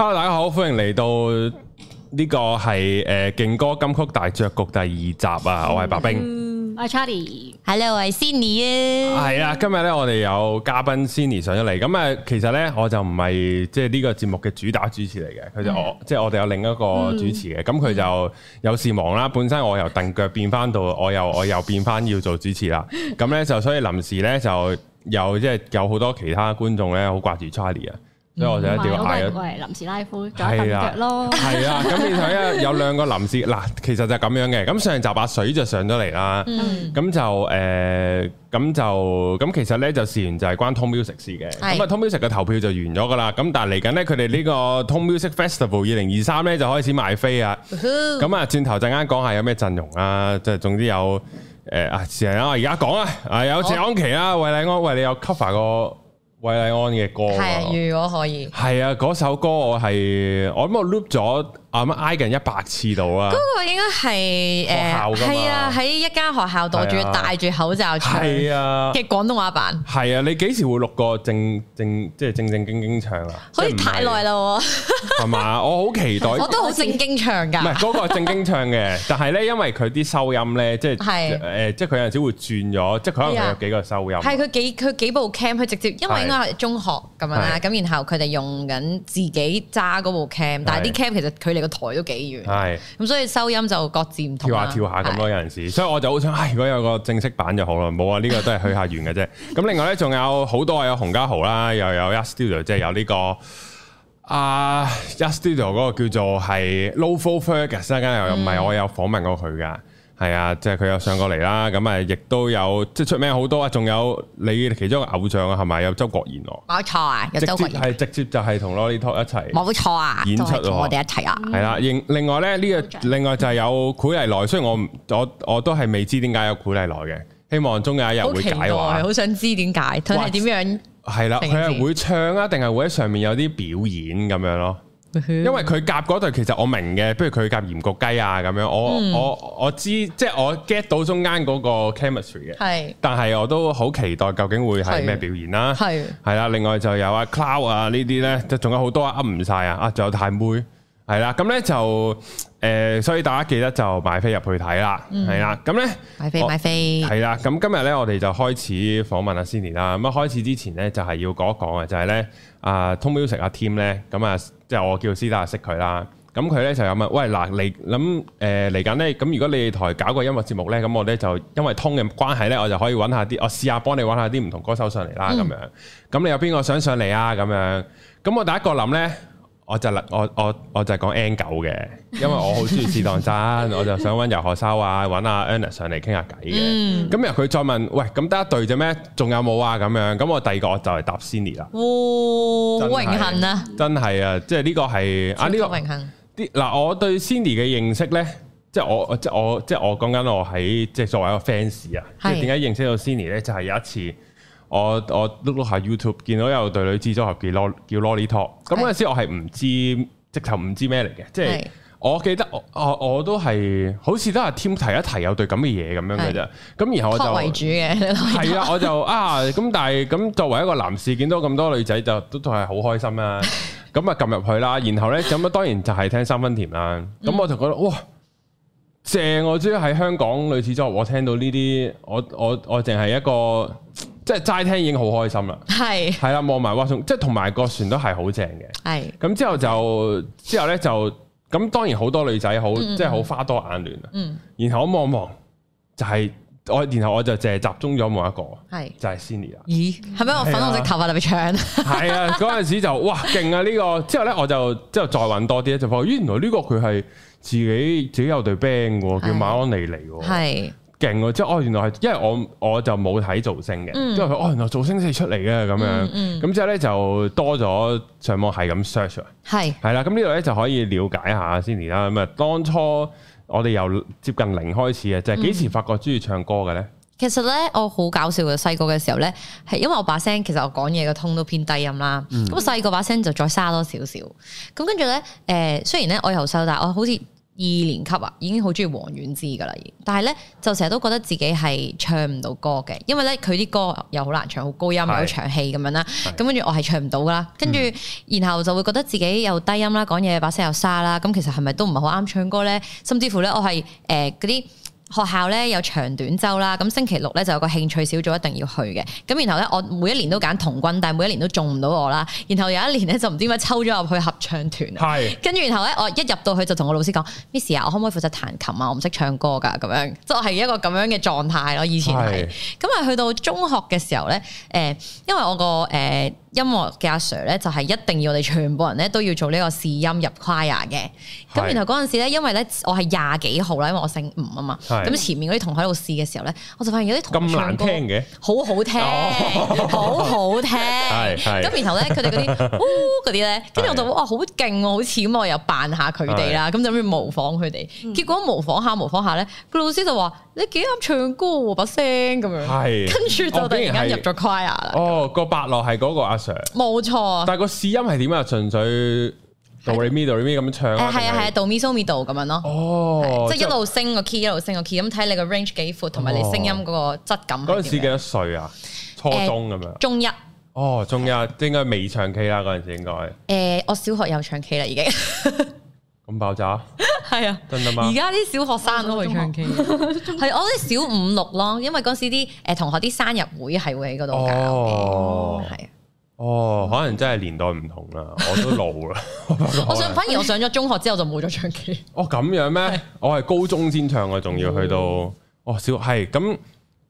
Hello 大家好，歡迎嚟到呢、這個係誒勁歌金曲大雀局第二集啊！Mm hmm. 我係白冰，'m Hello, 我係 Charlie，Hello, 我係 Sinnie 啊！係啦，今日咧我哋有嘉賓 Sinnie 上咗嚟，咁啊，其實咧我就唔係即係呢個節目嘅主打主持嚟嘅，佢就我、mm hmm. 即係我哋有另一個主持嘅，咁佢就有事忙啦。本身我由凳腳變翻到我又我又變翻要做主持啦，咁咧就所以臨時咧就有即係有好多其他觀眾咧好掛住 Charlie 啊！所以我就一吊鞋，喂、嗯，臨時是拉夫，再揼、啊、腳咯。係啊，咁然後咧有兩個臨時嗱，其實就係咁樣嘅。咁上集把水就上咗嚟啦。嗯。咁就誒，咁就咁其實咧就事緣就係關 Tone Music 事嘅。係。咁啊 Tone Music 嘅投票就完咗噶啦。咁但係嚟緊咧佢哋呢個 Tone Music Festival 二零二三咧就開始賣飛、uh huh. 啊。咁啊，轉頭陣間講下有咩陣容啊？即係總之有誒、呃、啊！試下啊，而家講啊，啊有謝安琪啦、啊，喂，麗安，喂，你有 cover 個。韋禮安嘅歌，如果可以，係啊，嗰首歌我係我諗我 loop 咗。啊咁挨近一百次度啊，嗰個應該係誒，係、呃、啊，喺一間學校度住，戴住口罩唱，嘅廣東話版係啊，啊！你幾時會錄個正正即係正正經經唱啊？好似太耐啦喎，係 嘛？我好期待，我都好正經唱㗎。唔係嗰個正經唱嘅， 但係咧，因為佢啲收音咧，即係誒、啊呃，即係佢有陣時會轉咗，即係可能佢有幾個收音。係佢、啊啊、幾佢幾部 cam 佢直接，因為應該係中學咁樣啦，咁、啊啊啊、然後佢哋用緊自己揸嗰部 cam，但係啲 cam 其實佢。個台都幾遠，係咁是所以收音就各自唔同，跳下跳下咁多，有陣時，是所以我就好想，唉，如果有個正式版就好啦。冇啊，呢、這個都係去下完嘅啫。咁 另外咧，仲有好多啊，有洪嘉豪啦，又有 Y、yes、Studio，即係有呢、這個啊 Y、yes、Studio 嗰個叫做係 Low Full Focus，嗰間又唔係我有訪問過佢噶。嗯係啊，即係佢有上過嚟啦，咁啊，亦都有即係出名好多啊，仲有你其中嘅偶像啊，係咪有周國賢啊？冇錯啊，有周國賢係直，直接就係同 Lolly Talk 一齊，冇錯啊，演出我哋一齊啊，係啦、啊。另外咧呢、嗯這個另外就係有古麗來，雖然我我我，我都係未知點解有古麗來嘅，希望終有一日會解我啊，好想知點解佢係點樣，係啦，佢係會唱啊，定係會喺上面有啲表演咁樣咯。因為佢夾嗰對其實我明嘅，不如佢夾鹽焗雞啊咁樣，我、嗯、我我知，即係我 get 到中間嗰個 chemistry 嘅是，係，但係我都好期待究竟會係咩表現啦、啊，係，係啦，另外就有啊 Cloud 啊呢啲咧，就仲有好多啊，壓唔晒啊，啊，仲有太妹係啦，咁咧就誒、呃，所以大家記得就買飛入去睇啦，係啦、嗯，咁咧買飛買飛，係啦，咁今日咧我哋就開始訪問阿 Sinnie 啦，咁一開始之前咧就係要講一講啊，就係、是、咧。就是呢啊，TONE Music 阿 Tim 咧，咁、嗯、啊，即係我叫司打識佢啦。咁佢咧就有問，喂嗱，你諗誒嚟緊咧，咁、呃、如果你哋台搞個音樂節目咧，咁、嗯、我咧就因為通嘅關係咧，我就可以揾下啲，我試下幫你揾下啲唔同歌手上嚟啦，咁樣。咁、嗯嗯、你有邊個想上嚟啊？咁樣。咁、嗯嗯嗯、我第一個諗咧。我就啦、是，我我我就係講 N 九嘅，因為我好中意試當真， 我就想揾游學修啊，揾阿 Anna 上嚟傾下偈嘅。咁、嗯、然後佢再問，喂，咁得一對啫咩？仲有冇啊？咁樣，咁我第二個我就係答 Sinnie 啦。哇、哦，好榮的幸啊！真係、這個、啊，即係呢個係啊呢個榮幸啲嗱，我對 Sinnie 嘅認識咧，即係我即係我即係我講緊我喺即係作為一個 fans 啊，即係點解認識到 Sinnie 咧，就係、是、有一次。我我碌碌下 YouTube，見到有對女子組合叫 Lolly Talk 咁嗰陣是的 時我係唔知，直頭唔知咩嚟嘅，是的 即係我記得我我,我都係好似都係添提一提有對咁嘅嘢咁樣嘅啫，咁是的 然後我就，為主嘅，係啊，我就啊，咁但係咁作為一個男士見到咁多女仔就都都係好開心啦，咁啊撳入去啦，然後呢，咁啊當然就係聽三分甜啦，咁我就覺得哇正，我知喺香港女子組合，我聽到呢啲，我我我淨係一個。即係齋聽已經好開心啦，係係啦，望埋哇，即係同埋個船都係好正嘅，係咁之後就之後咧就咁當然好多女仔好即係好花多眼亂啦，嗯，然後我望一望就係我，然後我就淨係集中咗望一個，係就係 Sinnie 啦，咦係咪我粉我隻頭髮特別長？係啊，嗰陣時就哇勁啊呢個，之後咧我就之後再搵多啲就發覺，咦原來呢個佢係自己自己有對 band 叫晚安莉莉嚟嘅，係。勁喎，即係哦，原來係因為我我就冇睇造星嘅，即係哦原來造星先出嚟嘅咁樣，咁、嗯嗯、之後咧就多咗上網係咁 search，係係啦，咁呢度咧就可以了解下 Sinnie 啦。咁啊，當初我哋由接近零開始嘅，就係幾時發覺中意唱歌嘅咧？嗯、其實咧我好搞笑嘅，細個嘅時候咧係因為我把聲其實我講嘢嘅 tone 都偏低音啦，咁細個把聲就再沙多少少，咁跟住咧誒雖然咧我由瘦，但係我好似。二年級啊，已經好中意王菀之噶啦，但係咧就成日都覺得自己係唱唔到歌嘅，因為咧佢啲歌又好難唱，好高音又好的長氣咁樣啦，咁的跟住我係唱唔到噶啦，跟住、嗯、然後就會覺得自己又低音啦，講嘢把聲又沙啦，咁其實係咪都唔係好啱唱歌咧？甚至乎咧，我係誒嗰啲。學校咧有長短週啦，咁星期六咧就有個興趣小組一定要去嘅。咁然後咧，我每一年都揀童軍，但係每一年都中唔到我啦。然後有一年咧就唔知點解抽咗入去合唱團。係是。跟住然後咧，我一入到去就同我老師講，Miss 啊，ie，我可唔可以負責彈琴啊？我唔識唱歌㗎，咁樣即係、就係、一個咁樣嘅狀態咯。以前係。咁啊是，去到中學嘅時候咧，誒、呃，因為我個誒。呃音樂嘅阿 Sir 咧，就係一定要我哋全部人咧都要做呢個試音入 choir 嘅。咁然後嗰陣時咧，因為咧我係廿幾號啦，因為我姓吳啊嘛。咁前面嗰啲同學喺度試嘅時候咧，我就發現有啲同學唱歌咁難聽嘅，好好聽，好好聽。咁然後咧，佢哋嗰啲哦嗰啲咧，跟住我就哇好勁喎，好似咁，我又扮下佢哋啦，咁就咁模仿佢哋。結果模仿下模仿下咧，個老師就話：你幾啱唱歌喎，把聲咁樣。跟住就突然間入咗 choir 啦。哦，個伯樂係嗰個冇錯，但係個試音係點啊？純粹 do mi do mi 咁唱，係啊係啊，do mi so mi do 咁樣咯。哦，即係一路升個 key，一路升個 key，咁睇你個 range 幾闊，同埋你聲音嗰個質感。嗰陣時幾多歲啊？初中咁樣，中一哦，中一應該未唱 K 啦，嗰陣時應該。誒，我小學又唱 K 啦已經。咁爆炸，係啊，真啊嘛？而家啲小學生都可以唱 K，係我啲小五六咯，因為嗰時啲誒同學啲生日會係會喺嗰度搞嘅，係啊。哦，oh，可能真係年代唔同啦， 我都老啦。 我想 反而我上咗中學之後就冇咗唱 K。哦咁樣咩？ 我係高中先唱，我仲要去到、嗯、哦小係咁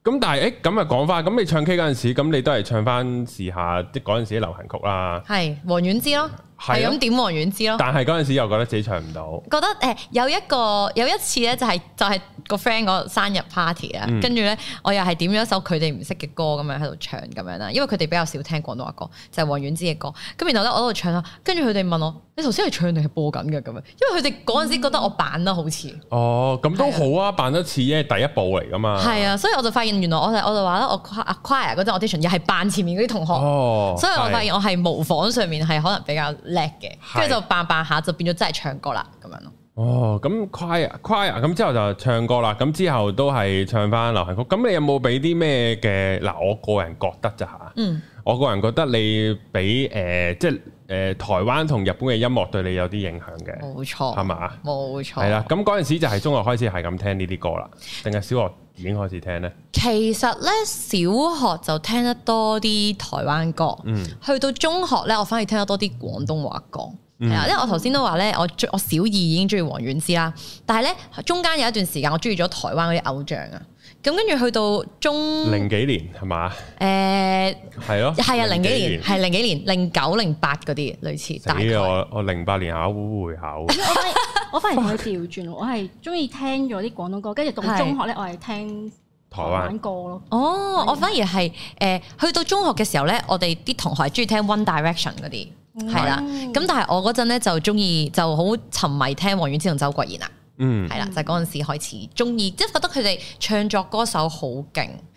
咁，但係誒咁啊講翻，咁、欸、你唱 K 嗰陣時，咁你都係唱翻試下啲嗰陣時流行曲啦。係王菀之咯。係咁點王菀之咯，但係嗰陣時又覺得自己唱唔到，覺得誒、欸、有一個有一次咧就係、是、就係、是、個 friend 個生日 party 啊，跟住咧我又係點咗一首佢哋唔識嘅歌咁樣喺度唱咁樣啦，因為佢哋比較少聽廣東話歌，就是、王菀之嘅歌，咁然後咧我喺度唱啦，跟住佢哋問我，你頭先係唱定係播緊嘅咁樣？因為佢哋嗰陣時覺得我扮得好似、嗯。哦，咁都好啊，啊扮得似，因為第一步嚟噶嘛。係啊，所以我就發現原來我就我就話啦，我阿 quire 嗰陣 audition 又係扮前面嗰啲同學，哦、所以我發現我係模仿上面係可能比較。叻嘅，跟住就扮扮下就變咗真係唱歌啦，咁樣咯。哦，咁 quiet quiet 咁之後就唱歌啦，咁之後都係唱返流行曲。咁你有冇俾啲咩嘅嗱？我個人覺得咋吓。嗯，我個人覺得你俾誒、呃、即係誒、呃、台灣同日本嘅音樂對你有啲影響嘅，冇錯，係嘛吧？冇錯，係啦。咁嗰陣時就係中學開始係咁聽呢啲歌啦，定係小學？ 已經開始聽咧，其實咧小學就聽得多啲台灣歌，嗯，去到中學咧，我反而聽得多啲廣東話歌，係、嗯、啊，因為我頭先都話咧，我我小二已經中意王菀之啦，但係咧中間有一段時間我中意咗台灣嗰啲偶像啊。咁跟住去到中零幾年係嘛？誒係咯，係、欸、啊零零，零幾年係零幾年零九零八嗰啲類似。我我零八年考會考？我 我反而可以調轉，我係中意聽咗啲廣東歌，跟住到中學咧，我係聽台灣歌咯。哦，我反而係誒、呃，去到中學嘅時候咧，我哋啲同學係中意聽 One Direction 嗰啲，係啦。咁、嗯、但係我嗰陣咧就中意就好沉迷聽王菀之同周國賢啊。嗯，係啦，就係嗰陣時開始中意，即、就、係、是、覺得佢哋唱作歌手好勁，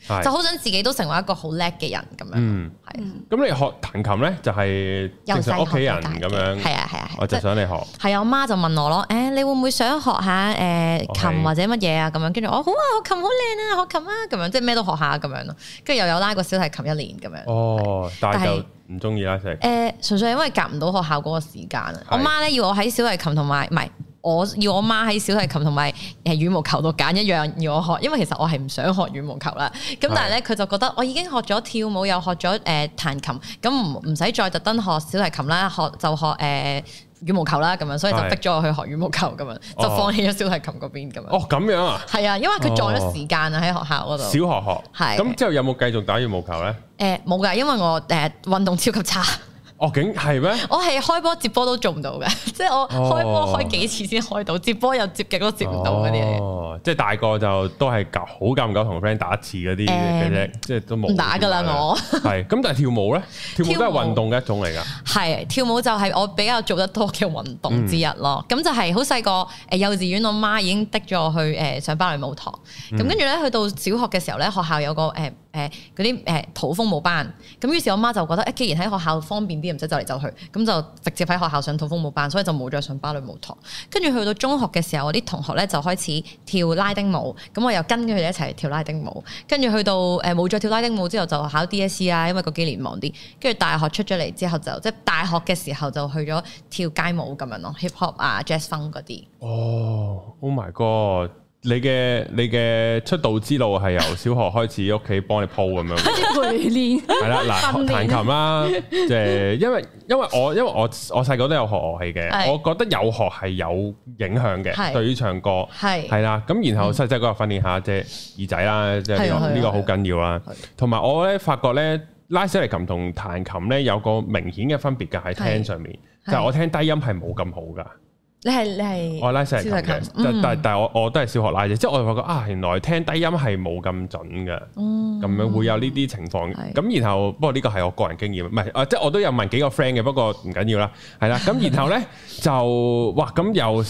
的就好想自己都成為一個好叻嘅人咁、就是、樣。係。咁你學彈琴咧，就係其實屋企人咁樣，係啊係啊，我就想你學。係我媽就問我咯，誒、eh,，你會唔會想學下誒、呃、琴或者乜嘢啊？咁樣，跟住我好啊，學、oh, oh, 琴好靚啊，學琴啊，咁樣，即係咩都學下咁樣咯。跟住又有拉過小提琴一年咁樣。哦，的但係就唔中意啦，即係、呃。誒，純粹因為夾唔到學校嗰個時間啊。的我媽咧要我喺小提琴同埋唔係。我要我媽喺小提琴同埋誒羽毛球度揀一樣要我學，因為其實我係唔想學羽毛球啦。咁是但係咧，佢就覺得我已經學咗跳舞又學咗誒、呃、彈琴，咁唔唔使再特登學小提琴啦，學就學誒、呃、羽毛球啦咁樣，所以就逼咗我去學羽毛球咁樣，就放棄咗小提琴嗰邊咁樣、哦。哦，咁樣啊？係啊，因為佢撞咗時間啊，喺學校嗰度。小學學係。咁是之後有冇繼續打羽毛球咧？誒冇㗎，因為我誒、呃、運動超級差。哦、究竟係咩？我係開波接波都做唔到嘅， 即係我開波開幾次先開到，哦、接波又接極都接唔到嗰啲嘢哦，即係大個就都係好久唔久同 friend 打一次嗰啲嘅啫，嗯、即係都冇。唔打噶啦，我係咁，但係跳舞咧，跳舞都係運動嘅一種嚟㗎。係跳，跳舞就係我比較做得多嘅運動之一咯。咁、嗯、就係好細個誒幼稚園，我媽已經逼咗我去誒上芭蕾舞堂。咁、嗯、跟住咧，去到小學嘅時候咧，學校有個誒。呃呃誒嗰啲誒土風舞班，咁於是，我媽就覺得誒，既然喺學校方便啲，唔使走嚟走去，咁就直接喺學校上土風舞班，所以就冇再上芭蕾舞堂。跟住去到中學嘅時候，我啲同學咧就開始跳拉丁舞，咁我又跟住佢哋一齊跳拉丁舞。跟住去到誒冇再跳拉丁舞之後，就考 DSE 啊，因為嗰幾年忙啲。跟住大學出咗嚟之後就，就即係大學嘅時候就去咗跳街舞咁樣咯，hip hop 啊，jazz funk 嗰啲。哦 oh，oh my god！你嘅你嘅出道之路係由小學開始，屋企幫你鋪咁樣，啲培練係啦嗱，彈琴啦，即係因為因為我因為我我細個都有學樂器嘅，我覺得有學係有影響嘅，對於唱歌係係啦，咁然後細細個又訓練下即係耳仔啦，即係呢個好緊要啦。同埋我咧發覺咧拉小提琴同彈琴咧有個明顯嘅分別嘅喺聽上面，就係我聽低音係冇咁好㗎。你係你係、嗯，我拉聲係咁嘅，但但但係我我都係小學拉聲，即係我發覺啊，原來聽低音係冇咁準嘅，咁、嗯、樣會有呢啲情況。咁的然後不過呢個係我個人經驗，唔係啊，即係我都有問幾個 friend 嘅，不過唔緊要啦，係啦。咁然後咧 就哇，咁又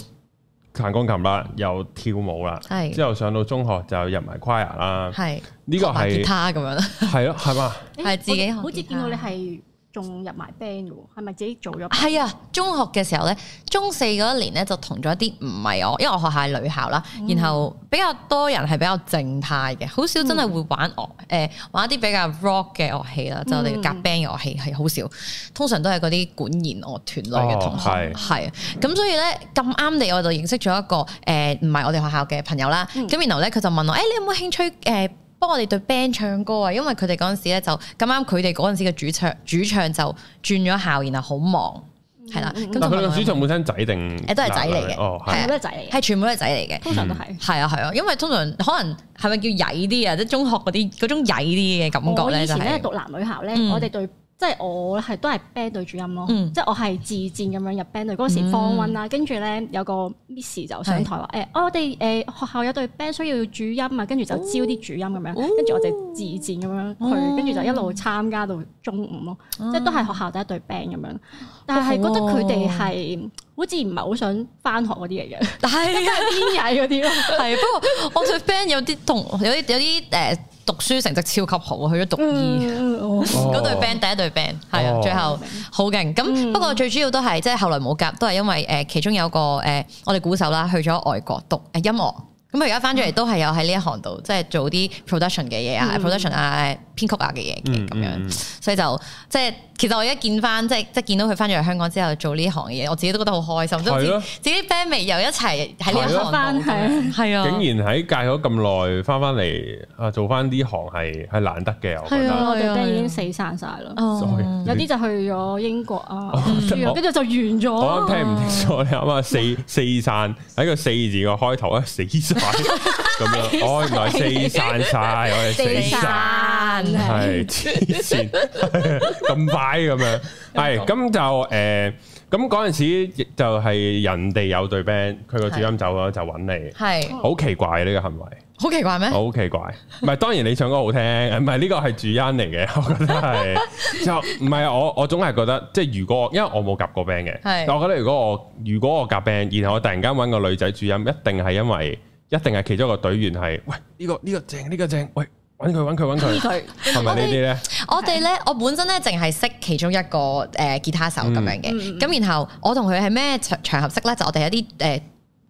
彈鋼琴啦，又跳舞啦，的之後上到中學就入埋 choir 啦，係呢的個係吉他咁樣啦，係咯係嘛，係自己好似見到你係。仲入埋 band 嘅喎，係咪自己做咗？係啊，中學嘅時候咧，中四嗰一年咧就同咗一啲唔係我，因為我學校係女校啦，嗯、然後比較多人係比較靜態嘅，好少真係會玩樂誒、嗯呃、玩一啲比較 rock 嘅樂器啦，嗯、就係我哋夾 band 嘅樂器係好少，通常都係嗰啲管弦樂團類嘅同學係，咁、哦、是所以咧咁啱地我就認識咗一個誒唔係我哋學校嘅朋友啦，咁、嗯、然後咧佢就問我誒、欸、你有冇興趣誒？呃幫我哋對 band 唱歌啊！因為佢哋嗰陣時咧就咁啱，佢哋嗰陣時嘅主唱主唱就轉咗校，然後好忙，係啦。但係佢嘅主唱本身仔定誒都係仔嚟嘅，係全部都係仔嚟嘅？通常都係。係啊係啊，因為通常可能係咪叫曳啲啊？即中學嗰啲嗰種曳啲嘅感覺咧就係、是。我以前咧讀男女校咧，嗯、我哋對。即係我係都係 band 隊主音咯，嗯、即係我係自薦咁樣入 band 隊嗰時 form one 啦，跟住咧有個 miss 就上台話誒是、欸，我哋誒學校有隊 band 需要主音啊，跟住就招啲主音咁樣，跟住我就自薦咁樣去，跟住、哦、就一路參加到中午咯，嗯、即係都係學校第一隊 band 咁樣、嗯，但係覺得佢哋係。好似唔係好想返學嗰啲嘢嘅，但係癲嘅嗰啲咯，係 不過我對 band 有啲同有啲有啲誒讀書成績超級好去咗讀醫，嗰、嗯、對 band、哦、第一對 band 係啊，哦、最後好勁咁。不過最主要都係即係後來冇夾，都係因為誒其中有個誒、呃、我哋鼓手啦，去咗外國讀誒音樂，咁佢而家返咗嚟都係有喺呢一行度，即係做啲 production 嘅嘢啊，production 啊。嗯編曲啊嘅嘢嘅咁樣，所以就即係其實我而家見翻，即係即係見到佢翻咗嚟香港之後做呢行嘢，我自己都覺得好開心，都自己 family 又一齊喺呢行翻，係係啊！竟然喺隔咗咁耐翻翻嚟啊，做翻啲行係係難得嘅，已經死散曬啦，有啲就去咗英國啊，跟住就完咗。我聽唔清楚你啱啊，四四散喺個四字個開頭啊，死散咁樣。哦，原來四散晒，我哋死散。係黐線咁快咁樣，係咁就誒，咁嗰陣時就係人哋有隊 band，佢個主音走咗是就揾你，係好是奇怪呢個行為，好奇怪咩？好奇怪，唔係 當然你唱歌好聽，唔係呢個係主音嚟嘅。我覺得係就唔係我我總係覺得，即係如果我因為我冇夾過 band 嘅，係是我覺得如果我如果我夾 band，然後我突然間揾個女仔主音，一定係因為一定係其中一個隊員係喂呢個呢個正呢個正喂。揾佢揾佢揾佢，係咪呢啲咧？我哋咧，我本身咧，淨係識其中一個誒、呃、吉他手咁樣嘅。咁、嗯、然後我同佢係咩場場合識咧？就我哋一啲誒、呃、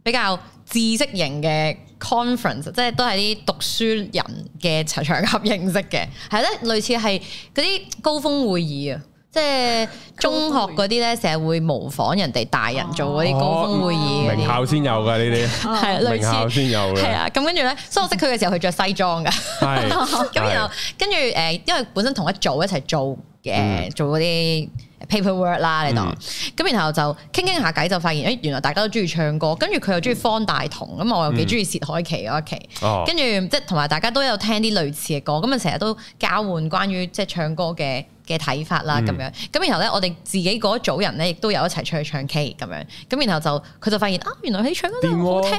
比較知識型嘅 conference，即係都係啲讀書人嘅場合認識嘅，係咧類似係嗰啲高峰會議啊。即係中學嗰啲咧，成日會模仿人哋大人做嗰啲高峰會議，名校先有噶呢啲，係啊、類似，名校先有嘅。係啊，咁跟住咧，所以我識佢嘅時候，佢着西裝噶。咁、嗯， 然後跟住誒，因為本身同一組一齊做嘅，嗯、做嗰啲 paper work 啦、嗯，你到。咁然後就傾傾下偈，就發現誒，原來大家都中意唱歌，跟住佢又中意方大同，咁我又幾中意薛凱琪嗰一期。嗯嗯、跟住即係同埋大家都有聽啲類似嘅歌，咁啊成日都交換關於即係唱歌嘅。嘅睇法啦，咁樣，咁然後咧，我哋自己嗰組人咧，亦都有一齊出去唱 K 咁樣，咁然後就佢就發現啊，原來你唱嗰啲真係好聽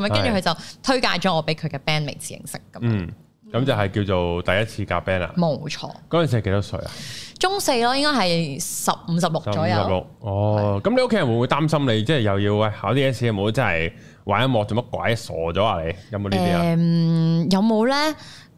咁樣，跟住佢就推介咗我俾佢嘅 band 嚟認識咁。嗯，咁就係叫做第一次夾 band 啦。冇錯。嗰陣時係幾多歲啊？中四咯，應該係十五十六左右。十六？哦，咁你屋企人會唔會擔心你，即係又要考 DSE，有冇真係玩音樂做乜鬼，傻咗啊？你有冇呢啲啊？誒，有冇咧？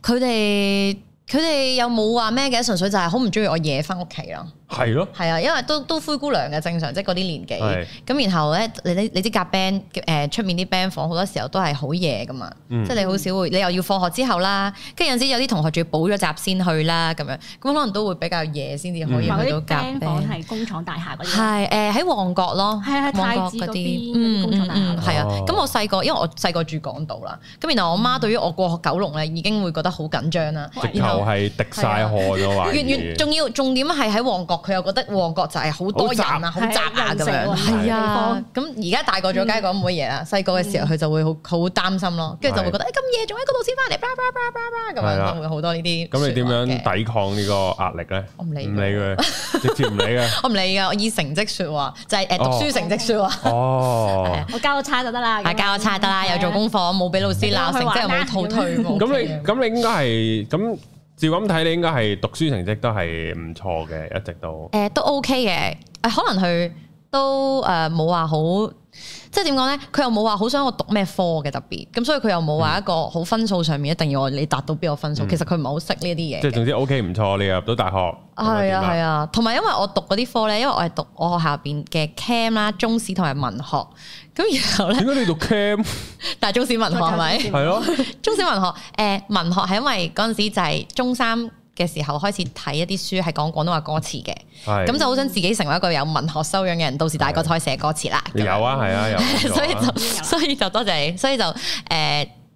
佢哋。佢哋又冇話咩嘅，純粹就係好唔鍾意我夜返屋企咯。係咯，係啊，因為都都灰姑娘嘅正常，即係嗰啲年紀。咁的然後咧，你你啲夾 band 誒、呃、出面啲 band 房好多時候都係好夜㗎嘛，嗯、即係你好少會，你又要放學之後啦，跟住有陣時有啲同學仲要補咗習先去啦咁樣，咁可能都會比較夜先至可以去到夾 band。係工廠大廈嗰啲，係喺、嗯呃、旺角咯，喺啊太子嗰啲、嗯、工廠大廈，係啊、嗯。咁我細個因為我細個住港島啦，咁然後我媽對於我過學九龍咧已經會覺得好緊張啦，嗯、後直頭係滴晒汗咗越越仲要重點係喺旺角。嗯佢又覺得旺角就係好多人啊，好雜啊咁樣，係啊。咁而家大個咗，梗係講冇嘢啦。細個嘅時候，佢就會好好擔心咯，跟住就會覺得咁夜仲喺嗰度先翻嚟，巴拉巴拉巴拉咁樣，會好多呢啲。咁你點樣抵抗呢個壓力咧？唔理佢，直接唔理嘅。我唔理嘅，我以成績説話，就係誒讀書成績説話。哦。我交個差就得啦。啊，交個差得啦，又做功課，冇俾老師鬧，成績又冇退步。咁你咁你應該係咁。照咁睇，你應該係讀書成績都係唔錯嘅，一直都。誒、呃，都 OK 嘅。誒、呃，可能佢都誒冇話好。呃即係點講咧？佢又冇話好想我讀咩科嘅特別，咁所以佢又冇話一個好分數上面一定要我你達到邊個分數。嗯、其實佢唔係好識呢啲嘢。即係總之 OK 唔錯，你入到大學。係啊係啊，同埋、哎、因為我讀嗰啲科咧，因為我係讀我學校入邊嘅 Cam 啦、中史同埋文學。咁然後咧，點解你讀 Cam？ 但係中史文學係咪？係咯，中史文學誒、 呃，文學係因為嗰陣時就係中三。嘅時候開始睇一啲書係講廣東話歌詞嘅，咁的就好想自己成為一個有文學修養嘅人，到時大個就可以寫歌詞啦。的樣有啊，係啊，有。 所以就所以就多謝你，所以就誒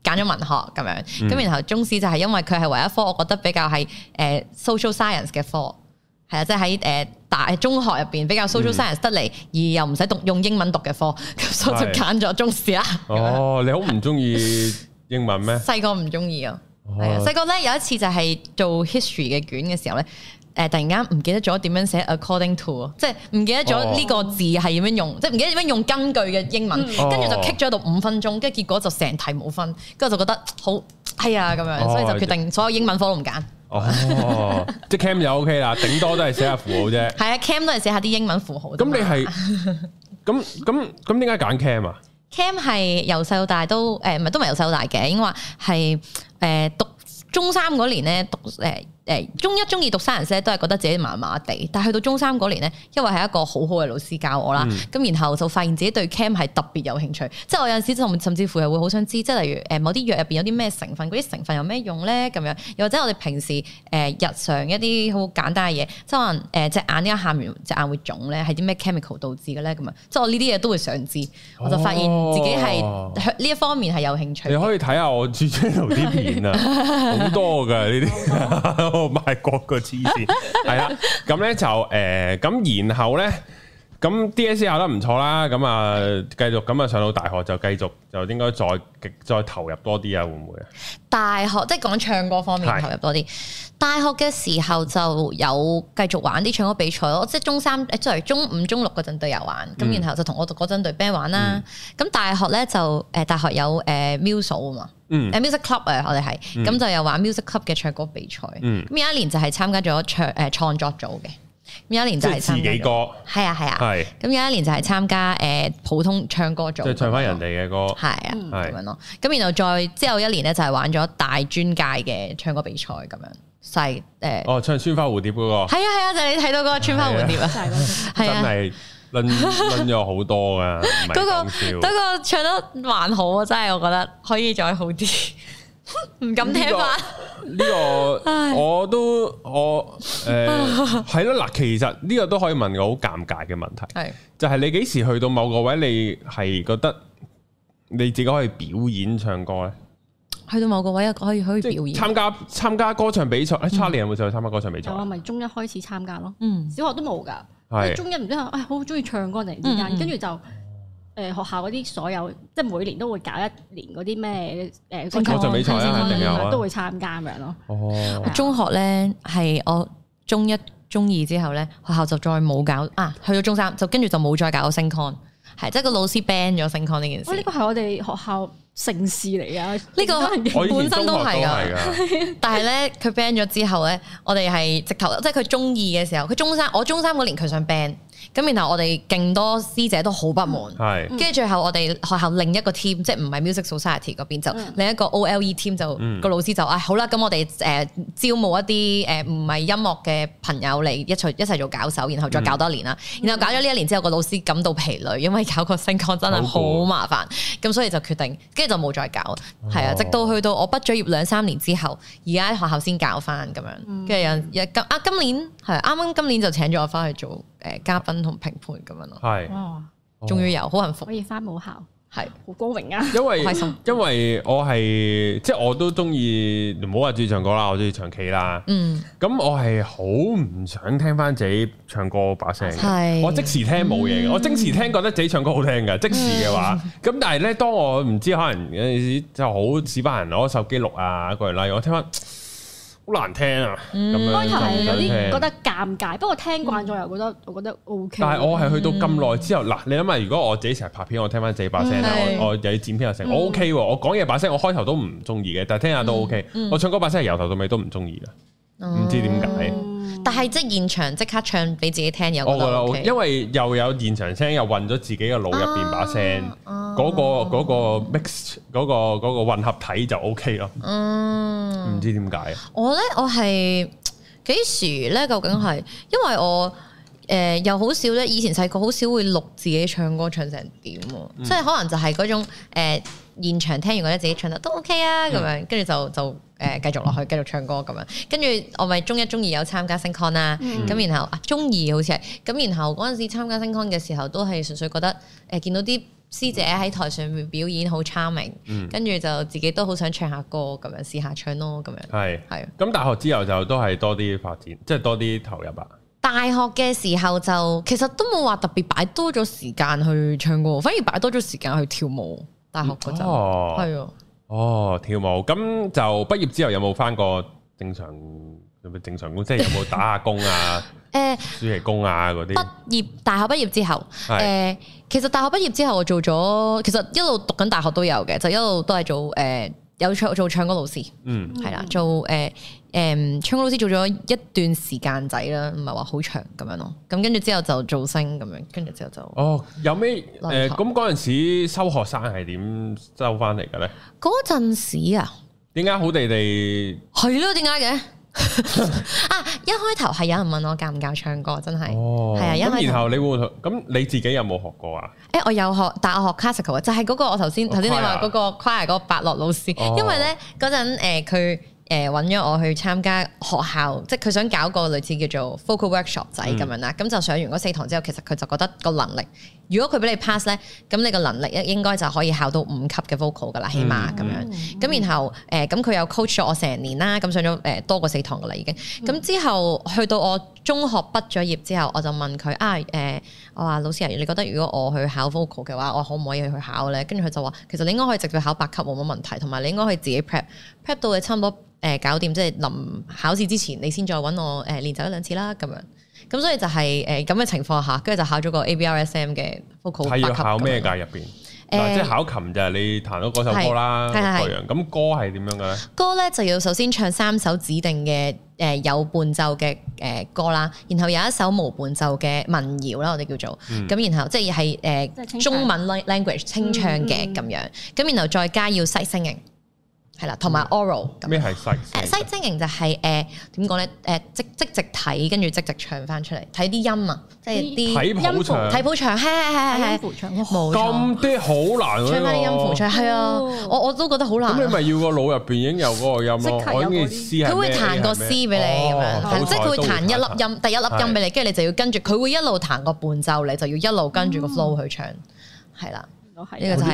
揀咗文學咁樣。咁、嗯、然後中史就係因為佢係唯一科，我覺得比較係誒、呃、social science 嘅科，係啊，即係喺誒大中學入邊比較 social science 得嚟、嗯，而又唔使讀用英文讀嘅科，咁所以就揀咗中史啊。嗯、哦，你好唔中意英文咩？細個唔中意啊。係、哦、啊，細個咧有一次就係做 history 嘅卷嘅時候咧，誒、呃、突然間唔記得咗點樣寫 according to，即係唔記得咗呢個字係點樣用，即係唔記得點樣用根據嘅英文，跟住，嗯、哦、就棘咗到五分鐘，跟住結果就成題冇分，跟住就覺得好係啊咁樣，哦、所以就決定所有英文科都唔揀。 哦，即 cam 就 OK 啦，頂多都係寫下符號啫。係啊，cam 都係寫下啲英文符號。咁你係咁咁咁點解揀 cam 啊？Cam 係由細到大都，誒、呃，唔係都唔係由細到大嘅，應該話係，誒、呃，讀中三嗰年咧，讀誒。呃誒中一中二讀生人社都係覺得自己麻麻地，但係去到中三嗰年咧，因為係一個好好嘅老師教我啦，咁、嗯、然後就發現自己對 Chem 係特別有興趣。即係我有陣時甚至乎係會好想知，即係例如誒某啲藥入邊有啲咩成分，嗰啲成分有咩用咧？咁樣又或者我哋平時誒、呃、日常一啲好簡單嘅嘢，即係誒隻眼一喊完隻眼會腫咧，係啲咩 chemical 導致嘅咧？咁啊，即係我呢啲嘢都會想知。我就發現自己係呢、哦、一方面係有興趣。你可以睇下我書桌度啲片啊，是的 好多㗎呢啲。 我賣國個黐線，係啦、oh，咁咧 就誒，咁、呃、然後咧。咁 DSE 考得唔錯啦，咁啊繼續咁啊、嗯、上到大學就繼續就應該再極再投入多啲啊，會唔會啊？大學即係講唱歌方面投入多啲。是大學嘅時候就有繼續玩啲唱歌比賽咯，即係中三即唔係中五中六嗰陣都有玩。咁、嗯、然後就同我讀嗰陣隊 band 玩啦。咁、嗯、大學咧就誒大學有誒 muso 啊嘛，music club 啊、嗯，我哋係咁就有玩 music club 嘅唱歌比賽。咁有、嗯、一年就係參加咗唱誒創、呃、作組嘅。咁有一年就係參加，即係自己歌，係啊係啊，係咁有一年就係參加誒普通唱歌組，即係唱翻人哋嘅歌，係啊，係咁樣咯。咁然後再之後一年咧就係玩咗大專界嘅唱歌比賽咁樣細誒，哦唱《穿花蝴蝶》嗰個，係啊係啊，就係你睇到嗰個《穿花蝴蝶》啊，真係掄掄咗好多噶，嗰個嗰個唱得還好啊，真係我覺得可以再好啲。唔 敢聽翻呢、這個，這個、 我都我誒係咯嗱，其實呢個都可以問個好尷尬嘅問題，係是就係你幾時去到某個位，你係覺得你自己可以表演唱歌咧？去到某個位啊，可以可以表演參加參加歌唱比賽。Charlie 有冇上去參加歌唱比賽？嗯、我咪中一開始參加咯，嗯，小學都冇噶，係是中一唔知啊，好中意唱歌嚟，跟住就。嗯嗯誒學校嗰啲所有，即係每年都會搞一年嗰啲咩誒升 con，都會參加咁樣咯。哦、對吧 中學咧係我中一、中二之後咧，學校就再冇搞啊。去到中三就跟住就冇再搞升 con，係即係個老師 ban 咗升 con 呢件事。呢個係我哋學校盛事嚟啊！呢、呢個人人本身都係啊， 但係咧佢 ban 咗之後咧，我哋係直頭，即係佢中二嘅時候，佢中三，我中三嗰年佢想 ban。咁然後我哋勁多師姐都好不滿，係。跟住最後我哋學校另一個 team，即係唔係 Music Society 嗰邊，就另一個 O L E team 就個老師就啊，好啦，咁我哋誒招募一啲誒唔係音樂嘅朋友嚟一齊一齊做搞手，然後再搞多年啦。然後搞咗呢一年之後，個老師感到疲累，因為搞個聲鋼真係好麻煩，咁所以就決定跟住就冇再搞。係啊，直到去到我畢咗業兩三年之後，而家喺學校先搞翻咁樣。跟住有今啊今年係啱啱今年就請咗我翻去做。誒嘉賓同評判咁樣咯，係，哇，終於有，好幸福可以翻母校，係好高榮啊，因為因為我係即係我都中意，唔好話中意唱歌啦，我中意唱 K 啦，嗯，咁我係好唔想聽翻自己唱歌把聲嘅，我即時聽冇嘢嘅，我即時聽覺得自己唱歌好聽嘅，即時嘅話，咁但係咧，當我唔知可能有時就好似班人攞手機錄啊嗰嚟咧，我聽翻。好難聽啊！咁樣、嗯、開頭係有啲覺得尷尬，不過聽慣咗又覺得我覺得 O K。但係我係去到咁耐之後，嗱、嗯，你諗下，如果我自己成日拍片，我聽翻自己把聲、嗯我，我我又要剪片又成、嗯 OK，我 O K 喎。我講嘢把聲，我開頭都唔中意嘅，但係聽下都 O、OK, K、嗯。嗯、我唱歌把聲係由頭到尾都唔中意嘅，唔知點解。嗯但係即現場即刻唱俾自己聽有，因為又有現場聲又混咗自己嘅腦入邊把聲，嗰、啊那個 mix 嗰、啊、個混合體就 OK 咯。唔、嗯、知點解我咧我係幾時咧？究竟係因為我誒、呃、又好少咧？以前細個好少會錄自己唱歌唱成點，即係、嗯、可能就係嗰種誒、呃、現場聽完覺得自己唱得都 OK 啊咁樣，跟住就就。就就就就就誒、呃、繼續落去，繼續唱歌咁樣。跟住我咪中一、中二有參加星、啊、sing con 啦。咁然後中二、啊、好似係咁，然後嗰陣時參加 sing con 嘅時候，都係純粹覺得誒、呃、見到啲師姐喺台上面表演好 charming，跟住就自己都好想唱下歌咁樣試下唱咯咁樣。係係是。咁是大學之後就都係多啲發展，即、就、係、是、多啲投入啊。大學嘅時候就其實都冇話特別擺多咗時間去唱歌，反而擺多咗時間去跳舞。大學嗰陣係啊。哦哦，跳舞咁，就畢業之後有冇返過正常，有冇正常工，即係有冇打下工啊？誒、 呃，暑期工啊嗰啲。畢業，大學畢業之後，誒是、呃，其實大學畢業之後我做咗，其實一路讀緊大學都有嘅，就一路都係做誒、呃、有唱做唱歌老師，嗯，係啦，做誒。呃誒唱歌老師做咗一段時間仔啦，唔係話好長咁樣咯。咁跟住之後就造星咁樣，跟住之後就哦，有咩誒？咁嗰陣時收學生係點收翻嚟嘅咧？嗰陣時啊，點解好地地係咯？點解嘅啊？一開頭係有人問我教唔教唱歌，真係係啊。因為咁然後你會咁你自己有冇學過啊？誒，我有學，但係我學 classical，就係嗰個我頭先頭先你話嗰個 choir 嗰個白樂老師，因為咧嗰陣誒佢。誒揾咗我去參加學校，即係佢想搞個類似叫做 vocal workshop 仔咁、嗯、樣啦。咁就上完嗰四堂之後，其實佢就覺得個能力，如果佢俾你 pass 咧，咁你個能力應應該就可以考到五級嘅 vocal 噶啦，起碼咁樣。咁、嗯、然後誒，咁、呃、佢有 coach 咗我成年啦，咁上咗誒、呃、多過四堂噶啦已經。咁之後去到我中學畢咗業之後，我就問佢啊誒、呃，我話老師啊，你覺得如果我去考 vocal 嘅話，我可唔可以去考咧？跟住佢就話，其實你應該可以直接考八級冇乜問題，同埋你應該可以自己 prep。c 到你差唔多誒搞掂，即係臨考試之前，你先再揾我誒練習一兩次啦咁樣。咁所以就係誒咁嘅情況下，跟住就考咗個 A B R S M 嘅。係要考咩界入邊？面呃、即係考琴就係你彈到嗰首歌啦，國揚、呃。咁歌係點樣嘅咧？歌咧就要首先唱三首指定嘅誒有伴奏嘅誒歌啦，然後有一首無伴奏嘅民謠啦，我哋叫做。咁、嗯、然後即係係誒中文 language 清唱嘅咁樣，咁然後再加要細聲型。係啦，同埋 oral 咁。咩係 sight singing？誒 sight singing 就係誒點講咧？誒即即直睇，跟住即直唱翻出嚟，睇啲音啊，即係啲音符睇譜唱，係咁啲好難唱翻啲音符出嚟啊！我我都覺得好難。咁你咪要個腦入邊已經有嗰個音咯。即刻有啲。佢會彈個 C 俾你咁樣，即係佢會彈一粒音，第一粒音俾你，跟住你就要跟住佢會一路彈個伴奏，你就要一路跟住個 flow 去唱。係啦，呢個就係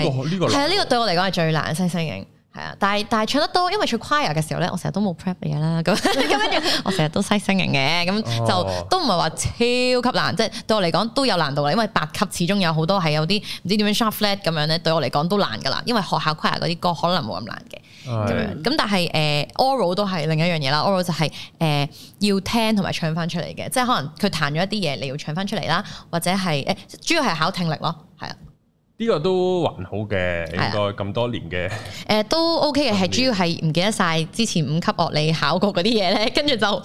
係啊！呢個對我嚟講係最難嘅 sight singing。係啊，但係但係唱得多，因為唱 choir 嘅時候咧，我成日都冇 prep 嘢啦，咁咁跟住我成日都嘥聲型嘅，咁就、哦、都唔係話超級難，即、就、係、是、對我嚟講都有難度嘅，因為八級始終有好多係有啲唔知點樣 sharp flat 咁樣咧，對我嚟講都難噶啦，因為學校 choir 嗰啲歌可能冇咁難嘅，咁是樣，咁但係誒、呃、oral 都係另一樣嘢啦，oral 就係、是、誒、呃、要聽同埋唱翻出嚟嘅，即係可能佢彈咗一啲嘢，你要唱翻出嚟啦，或者係誒、呃、主要係考聽力咯，係啊。呢個都還好嘅，應該咁多年嘅、啊，誒、呃、都 OK 嘅，係 主要係唔記得晒之前五級樂理考過嗰啲嘢咧，跟住就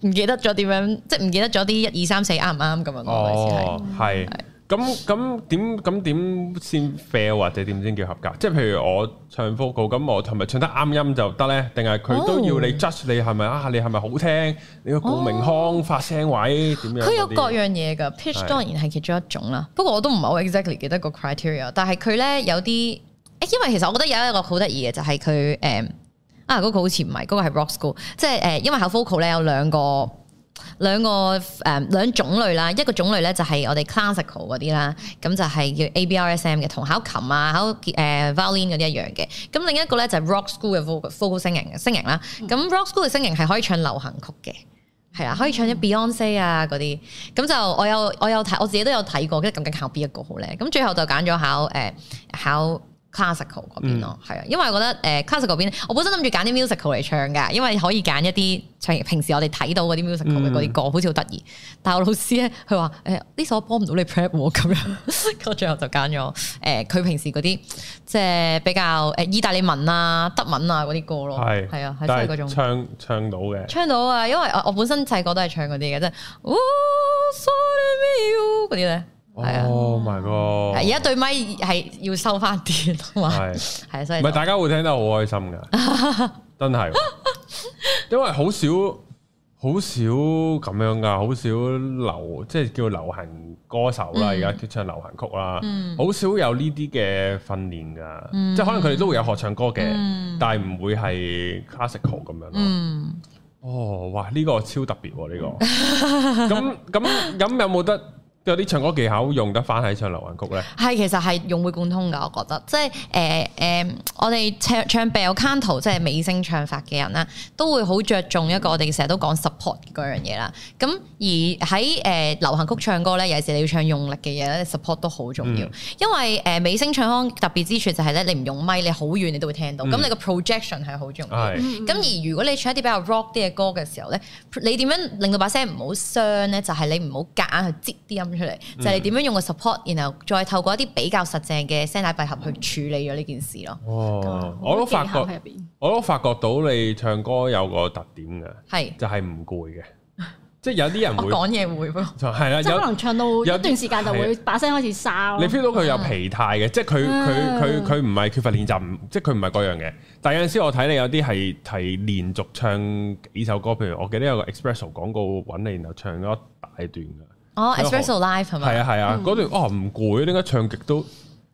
唔記得咗點樣，即係唔記得咗啲一二三四啱唔啱咁樣？哦，係是。咁咁點咁點先 fail 或者點先叫合格？即係譬如我唱 vocal，咁我係咪唱得啱音就得咧？定係佢都要你 judge 你係咪啊？你係咪好聽？你個共鳴腔、發聲位點、哦、樣？佢有各樣嘢㗎，pitch 當然係其中一種啦。 不過我都唔係好 exactly 記得個 criteria，但係佢咧有啲，因為其實我覺得有一個好得意嘅就係佢誒啊嗰、嗰個好似唔係嗰個係 Rock School，即係誒因為考 vocal 咧有兩個。兩個誒兩、嗯、種類啦，一個種類咧就係我哋 classical 嗰啲啦，咁就係叫 ABRSM 嘅，同考琴啊考誒、呃、violin 嗰啲一樣嘅。咁另一個咧就係 rock school 嘅 vocal vocal 聲型聲型啦。咁 rock school 嘅聲型係可以唱流行曲嘅，係啊，可以唱啲 Beyonce 啊嗰啲。咁就我有我有睇，我自己都有睇過，跟住究竟考邊一個好咧？咁最後就揀咗考誒考。呃考 classical 嗰邊咯，係啊、嗯，因為我覺得誒 classical 嗰邊，我本身諗住揀啲 musical 嚟唱嘅，因為可以揀一啲唱，平時我哋睇到嗰啲 musical 嘅嗰啲歌，嗯、好似好得意。但係我老師咧，佢話誒呢首幫唔到你 prep 喎，咁樣，咁 我最後就揀咗誒佢平時嗰啲即係比較誒意大利文啊、德文啊嗰啲歌咯，係係是啊，係嗰是種唱唱到嘅，唱到啊，因為我我本身細個都係唱嗰啲嘅，即係。Oh, sorry, 係啊，而家對咪係要收翻啲，係係，所以唔係大家會聽得好開心噶，真係，因為好少好少咁樣噶，好少流即係叫流行歌手啦，而家佢唱流行曲啦，好少有呢啲嘅訓練噶，即係可能佢哋都會有學唱歌嘅，但係唔會係 classical 咁樣咯。哦，哇，呢個超特別呢個，咁咁咁有冇得？有啲唱歌技巧用得翻喺唱流行曲咧？係，其實係融會貫通㗎，我覺得。即係誒誒，我哋唱唱 bel canto，即係美聲唱法嘅人啦，都會好着重一個我哋成日都講 support 嗰樣嘢啦。咁而喺誒、呃、流行曲唱歌咧，有時你要唱用力嘅嘢咧，support 都好重要。嗯、因為誒、呃、美聲唱腔特別之處就係、是、咧，你唔用咪，你好遠你都會聽到。咁、嗯、你個 projection 係好重要。咁、嗯嗯、而如果你唱一啲比較 rock 啲嘅歌嘅時候咧，你點樣令到把聲唔好傷咧？就係、是、你唔好夾硬去擠啲音。出嚟就係點樣用個 support，然後再透過一啲比較實淨嘅聲帶閉合去處理咗呢件事咯。哦，我都發覺，我都發覺到你唱歌有個特點嘅，係是就係唔攰嘅， 即係有啲人會講嘢會，係啦、啊，有即可能唱到有一段時間就會把聲開始沙。啊、你 feel 到佢有疲態嘅，即係佢佢佢佢唔係缺乏練習，即係佢唔係嗰樣嘅。但係有陣時我睇你有啲係係連續唱幾首歌，譬如我記得有個 Expresso 廣告揾你，然後唱咗一大段嘅。哦 e x p r e s、oh, so、Live, s i v l l i f e 係咪？係啊係啊，嗰、啊嗯、段哦，唔攰，點解唱極都，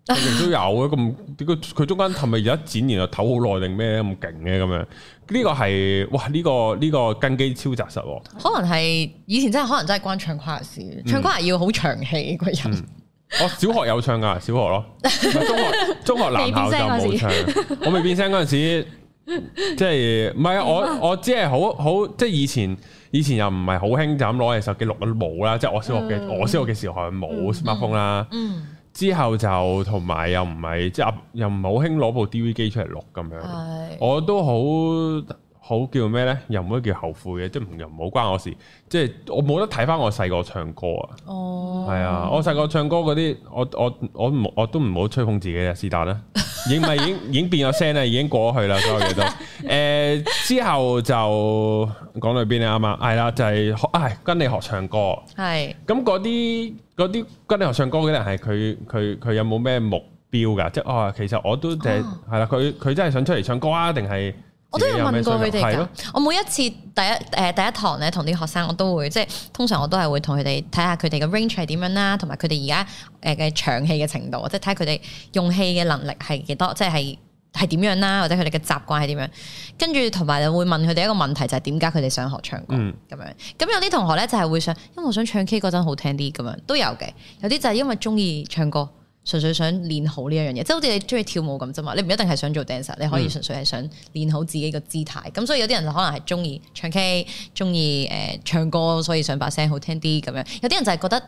唱極都有嘅、啊、咁？點解佢中間係咪而家剪，然後唞好耐定咩咁勁嘅咁樣這？呢個係哇，呢、這個呢、這個根基超紮實喎。可能係以前真係可能真係關唱跨事，嗯、唱跨要好長氣個人。我、嗯 哦、小學有唱㗎，小學咯， 中學中學男校就冇唱。我未變聲嗰陣時，即係唔係我、就是、我，我，我，我，我，我，我只係好好即係以前。以前又唔係好興，就咁攞嚟手機錄都冇啦，即係我小學嘅、嗯、我小學嘅時候冇 Smartphone 啦。嗯嗯、之後就同埋又唔係，即係又唔係好興攞部 DV 機出嚟錄咁樣。是我都好。好叫咩咧？又唔可以叫後悔嘅，即係又唔好關我事。即係我冇得睇翻我細個唱歌啊。哦，係啊，我細個唱歌嗰啲，我我我唔我都唔好吹捧自己啊，是但啦。已經咪已經已經變咗聲啦，已經過去啦，所有嘢都。誒、呃、之後就講到邊啊啱啱？係啦，就係、是、學，係跟你學唱歌。係咁嗰啲嗰啲跟你學唱歌啲人，係佢佢佢有冇咩目標㗎？即係哦，其實我都係係啦。佢佢、oh. 啊、真係想出嚟唱歌啊？定係？我都有問過佢哋噶，我每一次第一誒第一堂咧，同啲學生我都會即係通常我都係會同佢哋睇下佢哋嘅 range 係點樣啦，同埋佢哋而家誒嘅長氣嘅程度，即係睇佢哋用氣嘅能力係幾多，即係係係點樣啦，或者佢哋嘅習慣係點樣，跟住同埋就會問佢哋一個問題，就係點解佢哋想學唱歌咁樣？咁有啲同學咧就係會想，因為我想唱 K 嗰陣好聽啲咁樣，都有嘅；有啲就係因為中意唱歌。純粹想練好呢、就是、一樣嘢，即係好似你中意跳舞咁啫嘛，你唔一定係想做 dancer，你可以純粹係想練好自己個姿態。咁、嗯、所以有啲人就可能係中意唱 K，中意誒唱歌，所以想把聲好聽啲咁樣。有啲人就係覺得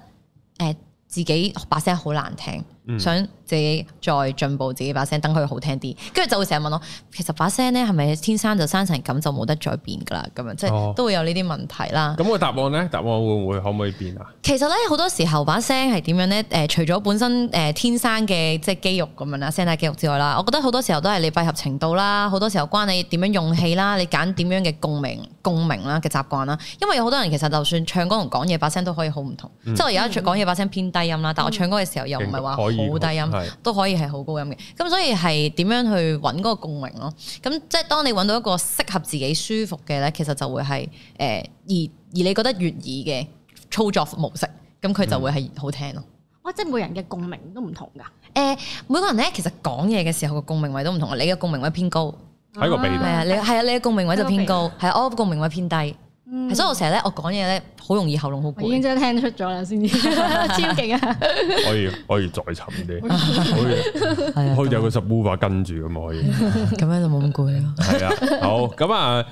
誒自己把聲好難聽。想自己再進步，自己把聲等佢好聽啲，跟住就會成日問我，其實把聲咧係咪天生就生成咁就冇得再變噶啦？咁樣、哦、即係都會有呢啲問題啦。咁、哦個答案咧，答案會唔會可唔可以變啊？其實咧好多時候把聲係點樣咧？誒、呃，除咗本身誒、呃、天生嘅即係肌肉咁樣啦，聲帶肌肉之外啦，我覺得好多時候都係你閉合程度啦，好多時候關你點樣用氣啦，你揀點樣嘅共鳴共鳴啦嘅習慣啦。因為有好多人其實就算唱歌同講嘢把聲都可以好唔同。嗯、即係我而家講嘢把聲偏低音啦，嗯、但我唱歌嘅時候又唔係話。好低音是都可以係好高音嘅，咁所以係點樣去揾嗰個共鳴咯？咁即係當你揾到一個適合自己舒服嘅咧，其實就會係誒而而你覺得悅耳嘅操作模式，咁佢就會係好聽咯。哇、嗯哦！即係每人嘅共鳴都唔同㗎。誒、呃，每個人咧其實講嘢嘅時候個共鳴位都唔同啊，啊。你嘅共鳴位偏高，喺個鼻係啊，你係啊，你嘅共鳴位就偏高，係我嘅共鳴位偏低。.係，嗯、所以我成日咧，我講嘢咧，好容易喉嚨好攰。我已經真係聽出咗啦，先至 超勁啊 可以 可以再沉啲，可以係啊，有個十嗚法跟住咁可以，咁樣就冇咁攰咯。係啊，好咁啊，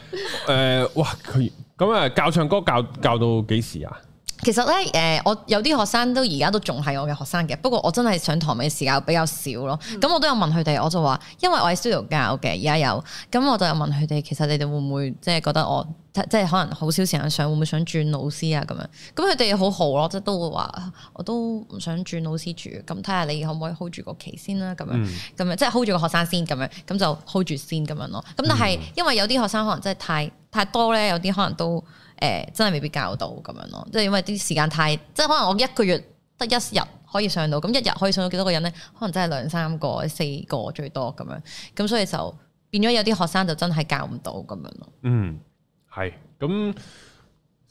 誒，哇，佢咁啊，教唱歌教教到幾時啊？其實咧，誒、呃，我有啲學生都而家都仲係我嘅學生嘅，不過我真係上堂嘅時間比較少咯。咁、嗯、我都有問佢哋，我就話，因為我喺 studio 教嘅，而家有，咁我就有問佢哋，其實你哋會唔會即係覺得我即係可能好少時間上，會唔會想轉老師啊？咁樣，咁佢哋好好咯，即係都會話，我都唔想轉老師住，咁睇下你可唔可以 hold 住個期先啦？咁樣，咁樣、嗯、即係 hold 住個學生先，咁樣，咁就 hold 住先咁樣咯。咁但係因為有啲學生可能真係太太多咧，有啲可能都誒、呃、真係未必教到咁樣咯，即係因為啲時間太，即係可能我一個月得一日可以上到，咁一日可以上到幾多個人咧？可能真係兩三個、四個最多咁樣，咁所以就變咗有啲學生就真係教唔到咁樣咯。嗯，係咁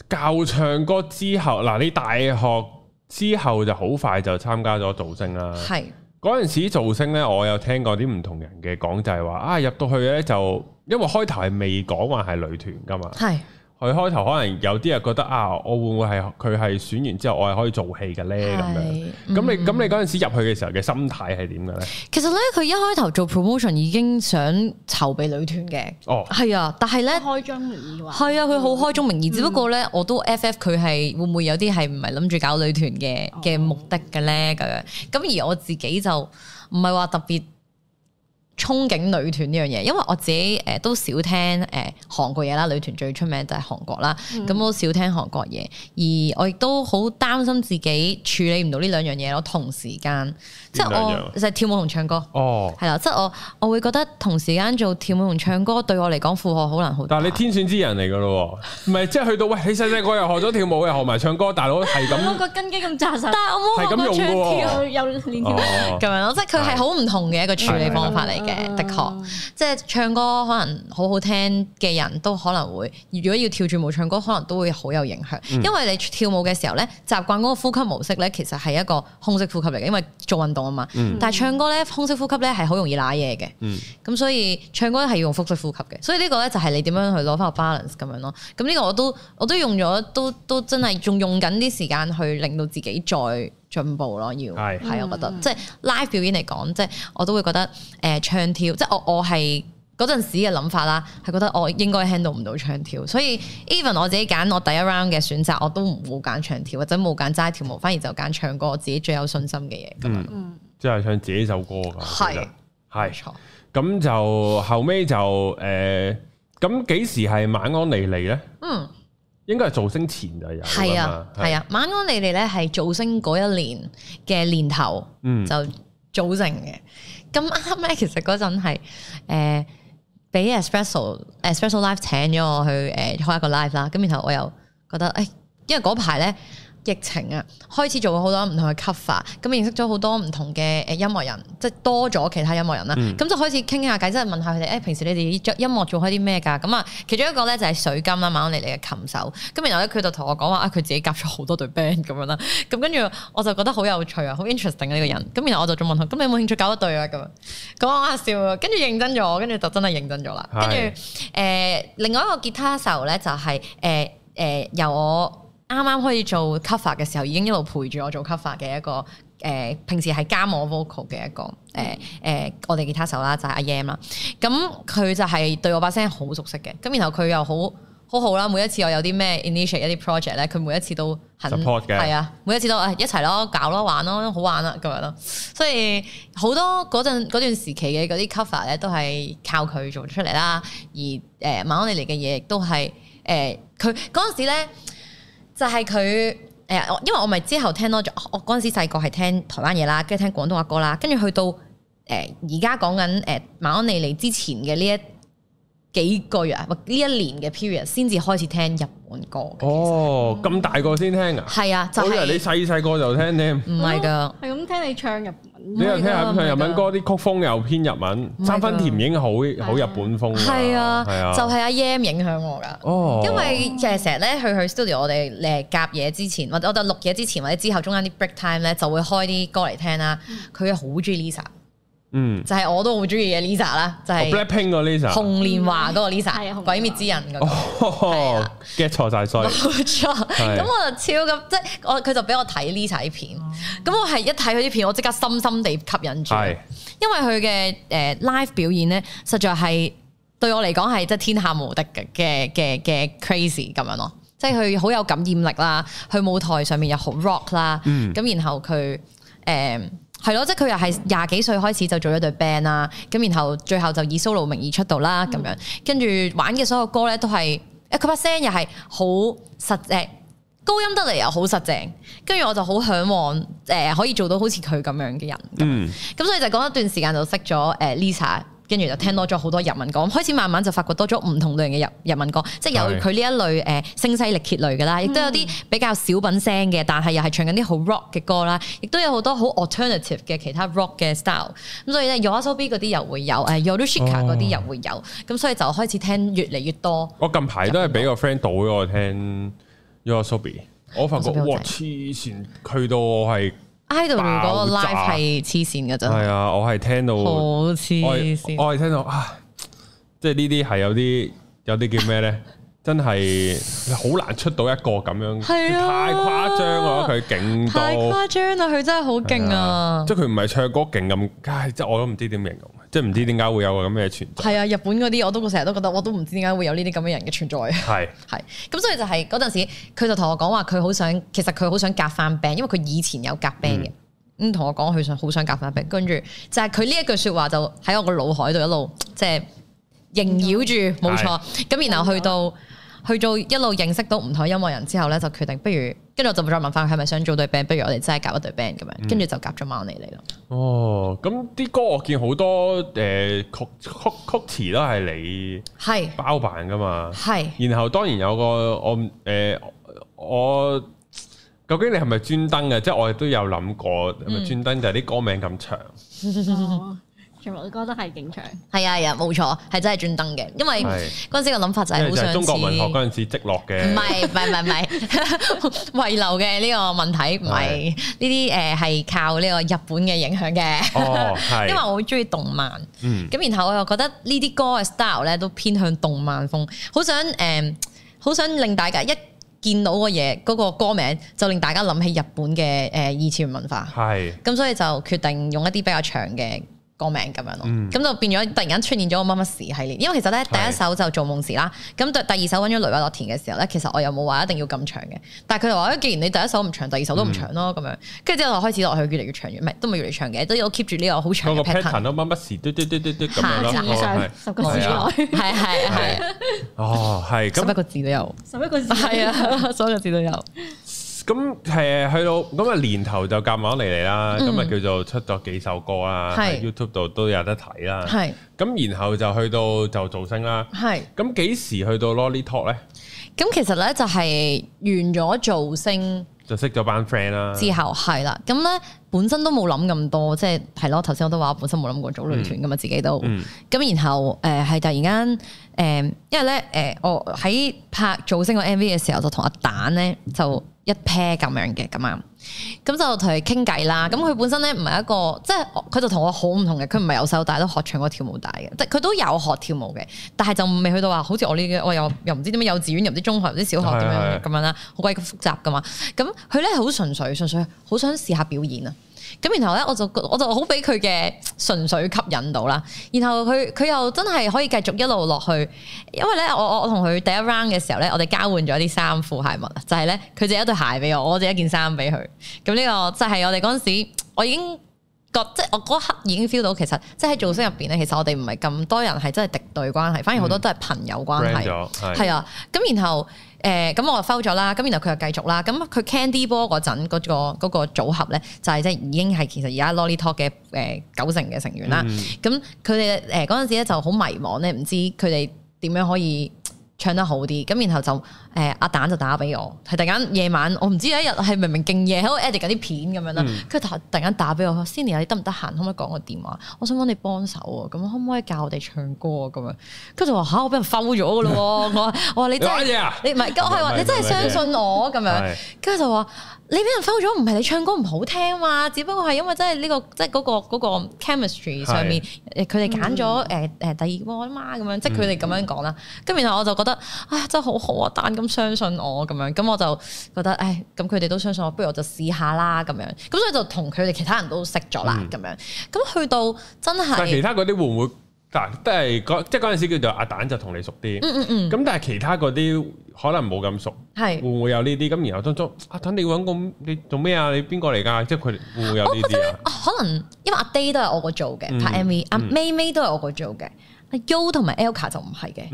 教唱歌之後，嗱、啊、你大學之後就好快就參加咗造星啦，係。嗰陣時造星呢，我有聽過啲唔同人嘅講，就係話啊入到去呢，就，因為開頭係未講話係女團噶嘛。係。佢開頭可能有啲人覺得啊，我會唔會係佢係選完之後我係可以做戲嘅咧咁樣？咁、嗯、你咁你嗰陣時入去嘅時候嘅心態係點嘅咧？其實咧，佢一開頭做 promotion 已經想籌備女團嘅。哦，係啊，但係咧，開張,啊、開張名義，係啊、嗯，佢好開宗明義，只不過咧，我都 FF 佢係會唔會有啲係唔係諗住搞女團嘅嘅目的嘅咧咁樣？咁、哦、而我自己就唔係話特別。憧憬女團呢樣嘢，因為我自己誒、呃、都少聽誒韓、呃、國嘢啦。女團最出名就係韓國啦，咁我、嗯、都少聽韓國嘢。而我亦都好擔心自己處理唔到呢兩樣嘢咯。同時間，即係我就係跳舞同唱歌哦，係啦。即係我我會覺得同時間做跳舞同唱歌對我嚟講負荷好難好。但係你天選之人嚟噶咯，唔係即係去到喂，你細細個又學咗跳舞又學埋唱歌，大佬係咁， 我個根基咁紮實，但係我冇學過唱跳又練咁樣咯、哦。即係佢係好唔同嘅一個處理方法嚟嘅。嗯嗯嗯嗯嗯嗯的確，即係唱歌可能好好聽嘅人都可能會，如果要跳住舞唱歌，可能都會好有影響。嗯、因為你跳舞嘅時候咧，習慣嗰個呼吸模式咧，其實係一個胸式呼吸嚟嘅，因為做運動啊嘛。但係唱歌咧，胸式呼吸咧係好容易瀨嘢嘅。咁、嗯、所以唱歌係要用腹式呼吸嘅，所以呢個咧就係你點樣去攞翻個 balance 咁樣咯。咁呢個我都我都用咗，都都真係仲用緊啲時間去令到自己再。進步咯，要係係，我覺得、嗯、即係 live 表演嚟講，即係我都會覺得誒、呃、唱跳，即係我我係嗰陣時嘅諗法啦，係覺得我應該 handle 唔到唱跳，所以 even 我自己揀我第一 round 嘅選擇，我都唔會揀唱跳或者冇揀齋跳舞，反而就揀唱歌，我自己最有信心嘅嘢。嗯，即係、嗯、唱自己首歌咁。係係，冇錯。咁就後尾就誒，咁、呃、幾時係晚安莉莉呢？嗯。應該係造星前就有啦，係啊係啊，晚安你哋咧係造星嗰一年嘅年頭就組成嘅。咁啱咧，其實嗰陣係誒俾 Espresso Espresso Live 請咗我去誒、呃、開一個 live 啦，咁然後我又覺得誒、欸，因為嗰排咧。疫情啊，開始做咗好多唔同嘅 cover，咁認識咗好多唔同嘅誒音樂人，即係多咗其他音樂人啦。咁就、嗯、開始傾下偈，即係問下佢哋誒，平時你哋音樂做開啲咩㗎？咁啊，其中一個咧就係水金啦，馬安妮妮嘅琴手。咁然後咧，佢就同我講話啊，佢自己夾咗好多對 band 咁樣啦。咁跟住我就覺得好有趣啊，好 interesting 啊呢個人。咁然後我就仲問佢，咁、啊、你有冇興趣搞一對啊？咁啊講下笑，跟住認真咗，跟住就真係認真咗啦。跟住誒，另外一個吉他手咧就係誒誒由我。啱啱開始做 cover 嘅時候，已經一路陪住我做 cover 嘅一個誒、呃，平時係加我 vocal 嘅一個誒誒、呃呃，我哋吉他手啦，就係、是、阿 Yam 啦。咁佢就係對我把聲好熟悉嘅。咁然後佢又好好好啦，每一次我有啲咩 initial 一啲 project 咧，佢每一次都好 support 嘅，係啊，每一次都、哎、一齊咯，搞咯，玩咯，好玩啦咁樣咯。所以好多嗰陣嗰段時期嘅嗰啲 cover 咧，都係靠佢做出嚟啦。而誒、呃、晚安莉莉嚟嘅嘢亦都係誒佢嗰陣時咧。就係佢誒，因為我咪之後聽多咗，我嗰陣時細個係聽台灣嘢啦，跟住聽廣東話歌啦，跟住去到誒而家講緊誒晚安莉莉嚟之前嘅呢一幾個月啊，呢一年嘅 period 先至開始聽日本歌。哦，咁、嗯、大個先聽啊？係啊，就係、是、你細細個就聽添？唔係㗎，係咁、哦、聽你唱入。你又聽下咁唱日文歌，啲曲風又偏日文，三分甜已經好的好日本風。係啊，係啊，就係阿 Yam 影響我㗎。哦，因為就係成日咧，去去 studio，我哋誒夾嘢之前，或者我哋錄嘢之前或者之後，中間啲 break time 咧就會開啲歌嚟聽啦。佢好鍾意 Lisa。Isa, isa, 嗯，就係我都好中意嘅 Lisa 啦，就係 Blackpink 個 Lisa，紅蓮華嗰個 Lisa，鬼滅之刃，那個，get 錯晒，哦，所以冇錯。咁、 嗯、 我就超級即係，就是、我佢就俾我睇 Lisa 啲片。咁、哦嗯、我係一睇佢啲片，我即刻深深地吸引住。嗯、因為佢嘅誒 live 表演咧，實在係對我嚟講係即係天下無敵嘅嘅嘅 crazy 咁樣咯，即係佢好有感染力啦，佢舞台上面又好 rock 啦、嗯，咁然後佢誒。呃係咯，即係佢又係廿幾歲開始就做咗對 band 啦，咁然後最後就以 solo 名義出道啦，咁樣跟住玩嘅所有歌咧都係，誒佢把聲又係好實淨，高音得嚟又好實淨，跟住我就好嚮往誒可以做到好似佢咁樣嘅人，嗯，咁所以就講一段時間就識咗誒 Lisa。跟住就聽多咗好多日文歌，開始慢慢就發覺多咗唔同類型嘅日日文歌，即係由佢呢一類誒、呃、聲嘶力竭類嘅啦，亦都有啲比較小品聲嘅，但係又係唱緊啲好 rock 嘅歌啦，亦都有好多好 alternative 嘅其他 rock 嘅 style。咁所以咧，YOASOBI 嗰啲又會有，誒、呃、Yorushika 嗰啲又會有，咁、哦、所以就開始聽越嚟越多我。我近排都係俾個 friend 倒咗我聽 YOASOBI，我發覺我哇黐線，去到我係～Idol 嗰個 live 係黐線嘅真係，係啊！我係聽到好黐線，我係聽到啊！即係呢啲係有啲有啲叫咩咧？真係好難出到一個咁樣，啊、太誇張啦！佢勁到誇張啊！佢真係好勁啊！即係佢唔係唱歌勁咁、啊，即係我都唔知點形容。即係唔知點解會有個咁嘅存在。係啊，日本嗰啲我都成日都覺得，我都唔知點解會有呢啲咁嘅人嘅存在。係係是，咁 所以就係嗰陣時，佢就同我講話，佢好想，其實佢好想夾翻 band，因為佢以前有夾 band 嘅。咁同、嗯、我講佢想好想夾翻 band，跟住就係佢呢一句説話，就喺我個腦海度一路即係縈繞住，冇、嗯、錯。咁然後去到。的去做一路認識到唔同音樂人之後咧，就決定不如跟住我就再問翻佢係咪想做隊 band，不如我哋真係夾一隊 band 咁樣、嗯，跟住就夾咗 money 嚟咯。哦，咁啲歌我見好多誒、呃、曲曲曲詞都係你係包辦噶嘛，係是。然後當然有個我誒、呃、我，究竟你係咪專登嘅？即係、嗯、我亦都有諗過，係咪專登就啲歌名咁長？嗯 全部嘅歌都係勁長，係啊係啊，冇錯，係真係專登嘅。因為嗰陣時嘅諗法就係好想中國文學嗰陣時積落嘅，唔係唔係唔係遺留嘅呢個問題，唔係呢啲誒係靠呢個日本嘅影響嘅。哦、因為我好中意動漫，咁、嗯、然後我又覺得呢啲歌嘅 style 咧都偏向動漫風，好想誒，好、呃、想令大家一見到個嘢嗰個歌名就令大家諗起日本嘅誒、呃、以前文化，係的，咁所以就決定用一啲比較長嘅。個名咁樣咯，咁就變咗突然間出現咗個乜乜時系列，因為其實咧第一首就做夢時啦，咁第二首揾咗雷話落田嘅時候咧，其實我又冇話一定要咁長嘅，但係佢就話，既然你第一首唔長，第二首都唔長咯，咁樣，跟住之後開始落去越嚟越長越，唔都唔越嚟越長嘅，都有 keep 住呢個好長嘅 pattern 咯，乜乜十個字係係係，哦係，十一個字都有，十一個字係啊，所有字都有。咁係去到咁啊年頭就夾硬嚟嚟啦，咁啊、嗯、叫做出咗幾首歌啊是，喺 YouTube 度都有得睇啦。係咁是，然後就去到就造星啦。係咁幾時去到 Lolly Talk 咧？咁其實咧就係完咗造星。是就識咗班 friend 啦、啊。之後係啦，咁咧本身都冇諗咁多，即係係咯。頭先我都話，本身冇諗過組女團噶嘛，嗯、自己都咁。嗯、然後誒係、呃、突然間誒、呃，因為咧誒、呃，我喺拍造星、個 MV 嘅時候，就同阿蛋咧就一 pair 咁樣嘅咁啊。剛剛咁就同佢傾偈啦。咁佢本身咧唔係一個，即係佢就同我好唔同嘅。佢唔係由細到大都學唱歌跳舞大嘅，即係佢都有學跳舞嘅，但係就未去到話好似我呢啲。我又又唔知點解幼稚園，又唔知中學，又唔知小學點樣咁樣啦，好鬼複雜噶嘛。咁佢咧好純粹，純粹好想試下表演啊。咁然後咧，我就我就好俾佢嘅純粹吸引到啦。然後佢佢又真係可以繼續一路落去，因為咧，我我我同佢第一 round 嘅時候咧，我哋交換咗啲衫褲鞋襪就係咧，佢借一對鞋俾我，我借一,一，、就是、一,一件衫俾佢。咁、這、呢個就係我哋嗰陣時，我已經覺即係我嗰刻已經 feel 到其實即係造星入邊咧，其實我哋唔係咁多人係真係敵對關係，反而好多都係朋友關係。係啊，咁然後。誒咁、呃、我就 fail 咗啦，咁然後佢又繼續啦，咁佢 Candy 波嗰陣嗰個嗰、那個那個組合咧，就係即係已經係其實而家 Lolly Talk 嘅誒九成嘅成員啦，咁佢哋誒嗰陣時咧就好迷茫咧，唔知佢哋點樣可以，唱得好啲，咁然後就誒、欸、阿蛋就打俾我，係突然間夜晚，晚，我唔知有一日係明明勁夜喺度 edit 緊啲片咁樣啦，跟住、嗯、突然間打俾我，Sinnie 你得唔得閒，可唔可以講個電話？我想揾你幫手啊，咁可唔可以教我哋唱歌啊？咁樣，跟住就話吓，我俾人摟咗㗎咯， 我話我話你真係，你唔係，我係話你真係相信我咁 的樣，跟住就話。你俾人封咗，唔係你唱歌唔好聽嘛？只不過係因為真係呢個，即係嗰個嗰、嗰個嗰個 chemistry 的上面，佢哋揀咗誒誒第二波啊嘛咁樣，即係佢哋咁樣講啦。跟住、嗯、然後我就覺得，唉，真係好好啊！阿蛋咁相信我咁樣，咁我就覺得，誒，咁佢哋都相信我，不如我就試下啦咁樣。咁所以就同佢哋其他人都識咗啦咁樣。咁去到真係，但係其他嗰啲會唔會？但、啊、係都係嗰即係嗰陣時叫做阿蛋就同你熟啲。嗯嗯嗯。咁但係其他嗰啲。可能冇咁熟，係是會唔會有呢啲？咁然後當中，啊，等你揾個你做咩啊？你邊個嚟㗎？即係佢會唔會有呢啲啊？可能因為阿 Day 都係我個做嘅，拍 MV，阿 MayMay 都係我個做嘅。阿 Yo 同埋 Elka 就唔係嘅，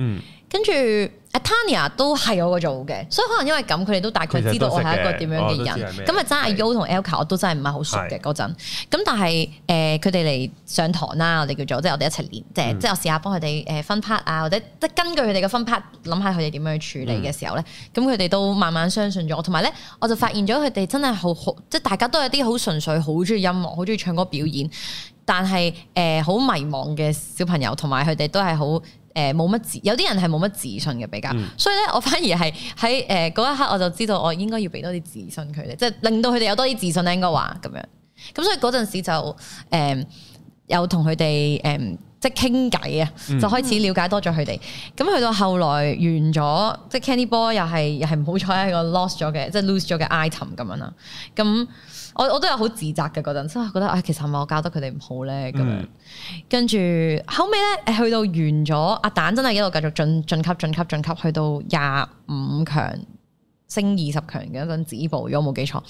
跟住、嗯、阿 Tania 都係我個組嘅，所以可能因為咁，佢哋都大概知道我係一個點樣嘅人。咁啊，哦、真係阿是 Yo 同 Elka 我都真係唔係好熟嘅嗰陣。咁是但係誒，佢哋嚟上堂啦，我哋叫做即係我哋一齊練，嗯、即係即係我試下幫佢哋誒分 part 啊，或者即係根據佢哋嘅分 part 諗下佢哋點樣去處理嘅時候咧，咁佢哋都慢慢相信咗。同埋咧，我就發現咗佢哋真係好好，即係、嗯、大家都有啲好純粹，好中意音樂，好中意唱歌表演。但係誒好迷茫嘅小朋友，同埋佢哋都係好誒冇乜自，有啲人係冇乜自信嘅比較，嗯、所以咧我反而係喺誒嗰一刻我就知道我應該要俾多啲自信佢哋，即係令到佢哋有多啲自信咧應該話咁樣，咁所以嗰陣時就誒、呃、有同佢哋誒即係傾偈啊，就開始了解多咗佢哋。咁去、嗯、到後來完咗，即係 Candy Boy 又係又係唔好彩喺個 lost 咗嘅，即係 lose 咗嘅 item 咁樣啦，咁。我我都有好自責嘅嗰陣，真係覺得啊、哎，其實係咪我教得佢哋唔好咧咁、嗯、樣？跟住後尾咧，誒，去到完咗，阿蛋真係一路繼續進晉級晉級晉級，去到廿五強升二十強嘅嗰陣止步，如果冇記錯，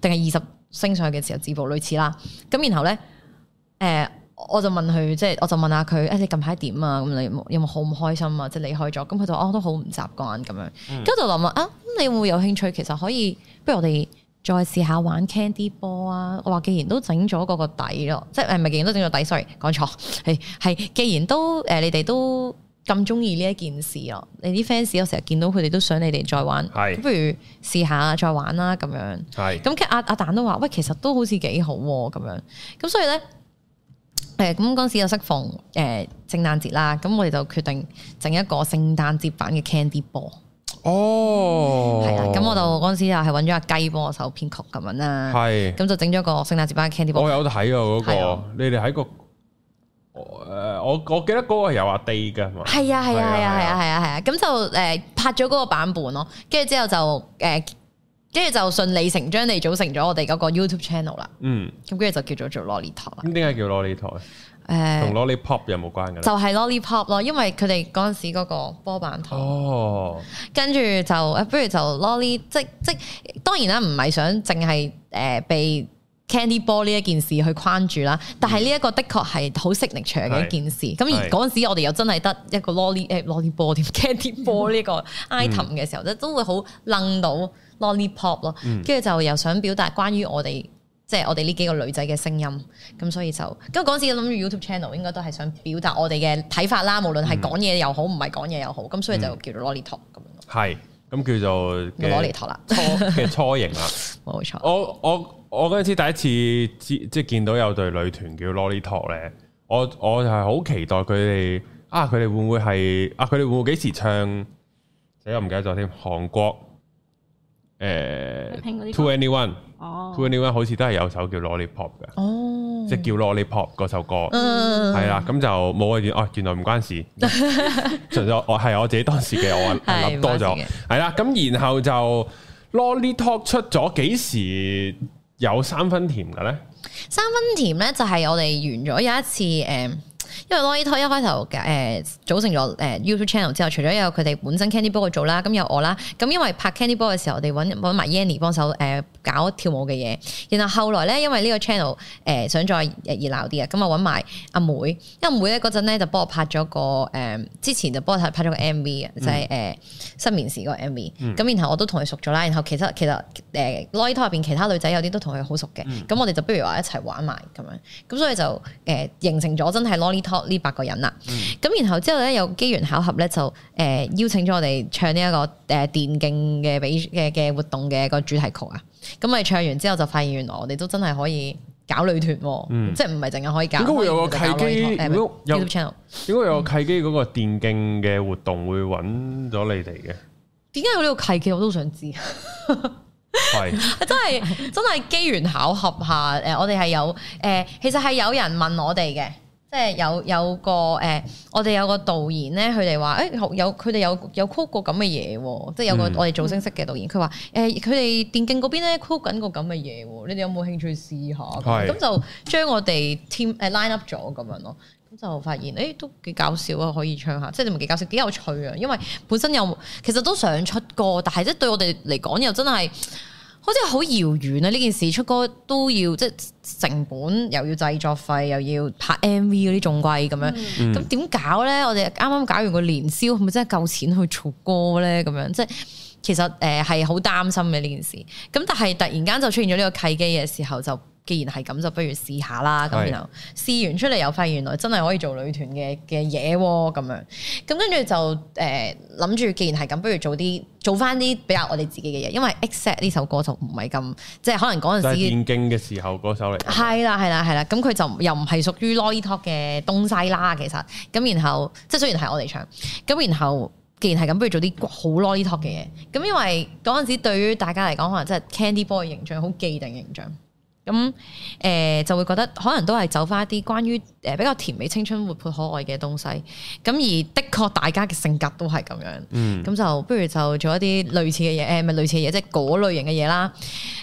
定係二十升上去嘅時候止步，類似啦。咁然後咧，誒、呃，我就問佢，即係我就問下佢，誒、哎，你近排點啊？咁你有冇好唔開心啊？即係離開咗，咁佢就哦，都好唔習慣咁樣，跟住、嗯、就諗啊，咁你會唔會有興趣？其實可以，不如我哋。再試下玩 candy ball 啊！我話既然都整咗嗰個底咯，即係誒唔係既然都整咗底，sorry 講錯，係係既然都誒、呃、你哋都咁中意呢一件事咯，你啲 fans 有成日見到佢哋都想你哋再玩，不是如試下再玩啦咁樣。係是，咁跟阿阿蛋都話，喂，其實都好似幾好喎、啊、咁樣。咁所以咧，誒咁嗰陣時又適逢誒聖誕節啦，咁我哋就決定整一個聖誕節版嘅 candy ball。哦，係啊，咁我就嗰陣時又係揾咗阿雞幫我首編曲咁樣啦。係，咁就整咗個聖誕節版 Candy。b 我有睇啊嗰個，你哋喺個，誒我我記得嗰個係有阿 Day 㗎嘛。係啊係啊係啊係啊係啊，咁就誒拍咗嗰個版本咯。跟住之後就誒，跟住就順理成章地組成咗我哋嗰個 YouTube channel 啦。嗯，咁跟住就叫做做 Lolly Talk。咁點解叫 Lolly Talk？誒同 Lollipop 有冇關㗎？就係 Lollipop 咯，因為佢哋嗰陣時嗰個波板糖，哦、跟住就誒，不如就 Lollipop 即即，當然啦，唔係想淨係誒被 Candy Ball 呢一件事去框住啦。但係呢一個的確係好 signature 嘅一件事。咁、嗯、而嗰陣時我哋又真係得一個 Lollipop Lolly Ball Candy Ball 呢個 item 嘅時候，都、嗯、都會好楞到 Lollipop 咯。跟、嗯、住就又想表達關於我哋。即係我哋呢幾個女仔嘅聲音，咁所以就咁嗰陣時諗住 YouTube channel 應該都係想表達我哋嘅睇法啦，無論係講嘢又好，唔係講嘢又好，咁所以就叫做 Lolly Talk 咁、嗯、樣。係，咁叫做 Lolly Talk 啦，嘅 初型啦，冇錯。 我我我嗰陣時第一次即係見到有隊女團叫 Lolly Talk 咧，我我就係好期待佢哋啊！佢哋會唔會係啊？佢哋會幾會、啊、會會時唱？我又唔記得咗添。韓國誒 To Anyone。欸佢另外好似都係有首叫 Lollipop 嘅，oh. 即係叫 Lollipop 嗰首歌，係啦，嗯，咁就冇啊！哦，原來唔關事，除咗 我係我自己當時嘅我諗多咗，係啦，咁然後就 Lollipop 出咗幾時有三分甜嘅咧？三分甜咧就係我哋完咗有一次誒，嗯因為 Lolly Talk 一開頭誒組成咗誒 YouTube channel 之後，除咗有佢哋本身 Candyball 做啦，咁有我啦，咁因為拍 Candyball 嘅時候，我哋揾埋 Yanny 幫手誒搞跳舞嘅嘢。然後後來咧，因為呢個 channel 誒想再熱鬧啲啊，咁啊揾埋阿妹。因阿妹咧嗰陣咧就幫我拍咗個誒，之前就幫我拍咗個 MV 啊，就係誒失眠時嗰個 MV。咁然後我都同佢熟咗啦。然後其實其實誒 Lolly Talk 入邊其他女仔有啲都同佢好熟嘅，咁、嗯、我哋就不如話一齊玩埋咁樣。咁所以就誒形成咗真係 Lolly Talk 呢八個人啦，咁然後之後咧有機緣巧合咧就誒邀請咗我哋唱呢一個誒電競嘅比嘅嘅活動嘅一個主題曲啊，咁咪唱完之後就發現原來我哋都真係可以搞女團，即係唔係淨係可以搞。點解會有個契機 YouTube channel 點解會有個契機，嗰個電競嘅活動會揾咗你哋嘅？點解有呢個契機？我都想知。係真係真係機緣巧合下，誒我哋係有誒，其實係有人問我哋嘅。即係有有個誒、呃，我哋有個導演咧，佢哋話誒有佢哋有有曲過咁嘅嘢喎，即係有個我哋做聲式嘅導演，佢話誒佢哋電競嗰邊咧曲緊個咁嘅嘢喎，你哋有冇興趣試下？咁是就將我哋 team、呃、line up 咗咁樣咯，咁就發現誒、欸、都幾搞笑啊，可以唱下，即係你咪幾搞笑？幾有趣啊，因為本身又其實都想出歌，但係即係對我哋嚟講又真係。好似好遙遠啊！呢件事出歌都要即係成本，又要製作費，又要拍 MV 啲仲貴咁樣，咁點搞咧？我哋啱啱搞完個年宵，係咪真係夠錢去出歌咧？咁樣即係其實誒係好擔心嘅呢件事。咁但係突然間就出現咗呢個契機嘅時候就。既然係咁，就不如試下啦。咁然後是試完出嚟又發現原來真係可以做女團嘅嘅嘢喎。咁、啊、樣咁跟住就誒諗住，呃、既然係咁，不如做啲做翻啲比較我哋自己嘅嘢。因為《Exat》呢首歌就唔係咁，即、就、係、是、可能嗰陣時練鏡嘅時候嗰首嚟。係啦，係啦，係啦。咁佢就又唔係屬於 Lolly Talk 嘅東西啦。其實咁然後即係雖然係我哋唱，咁然後既然係咁，不如做啲好 Lolly Talk 嘅嘢。咁因為嗰陣時對於大家嚟講，可能真係 Candy Boy 嘅形象好既定形象。咁誒、呃、就會覺得可能都係走翻一啲關於誒比較甜美、青春、活潑、可愛嘅東西。咁而的確大家嘅性格都係咁樣。嗯，咁就不如就做一啲類似嘅嘢，誒、呃、咪類似嘅嘢，即係嗰類型嘅嘢啦。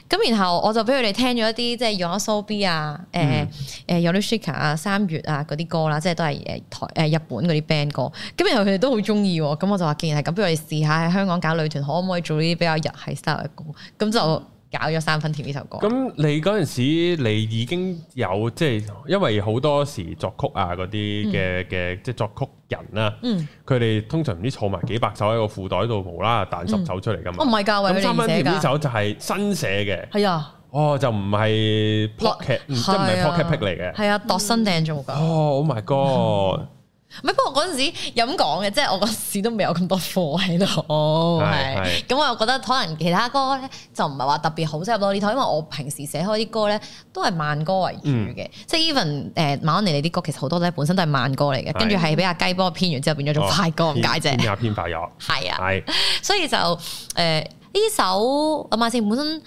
咁然後我就俾佢哋聽咗一啲即係用 YOASOBI 啊，誒誒、呃、Yorushika 啊、三月啊嗰啲歌啦，即係都係誒台誒、呃、日本嗰啲 band 歌。咁然後佢哋都好中意。咁我就話，既然係咁，不如我哋試下喺香港搞女團，可唔可以做呢啲比較日系 style 嘅歌？咁就。搞咗三分甜呢首歌。咁、嗯、你嗰陣時，你已經有即係，就是、因為好多時作曲啊嗰啲嘅嘅，即係、嗯、作曲人啦、啊。嗯，佢哋通常唔知儲埋幾百首喺個褲袋度，無啦啦彈十首出嚟噶嘛。唔係㗎，三、哦、分甜呢首就係新寫嘅。係啊。哦，就唔係 pocket，即唔係 pocket pick 嚟嘅。係啊，度身訂做㗎。哦，oh my god！ 唔係，不過嗰陣時有咁講嘅，即係我嗰陣時都未有咁多貨喺度。哦，係。咁我又覺得可能其他歌咧就唔係話特別好，即係唔多啲，因為我平時寫開啲歌咧都係慢歌為主嘅。即係 even 誒晚安莉莉你啲歌其實好多都係本身都係慢歌嚟嘅，跟住係俾阿雞波編完之後變咗種快歌咁的解啫。邊有編快樂？係啊，所以就誒呢、呃、首晚安莉莉本身。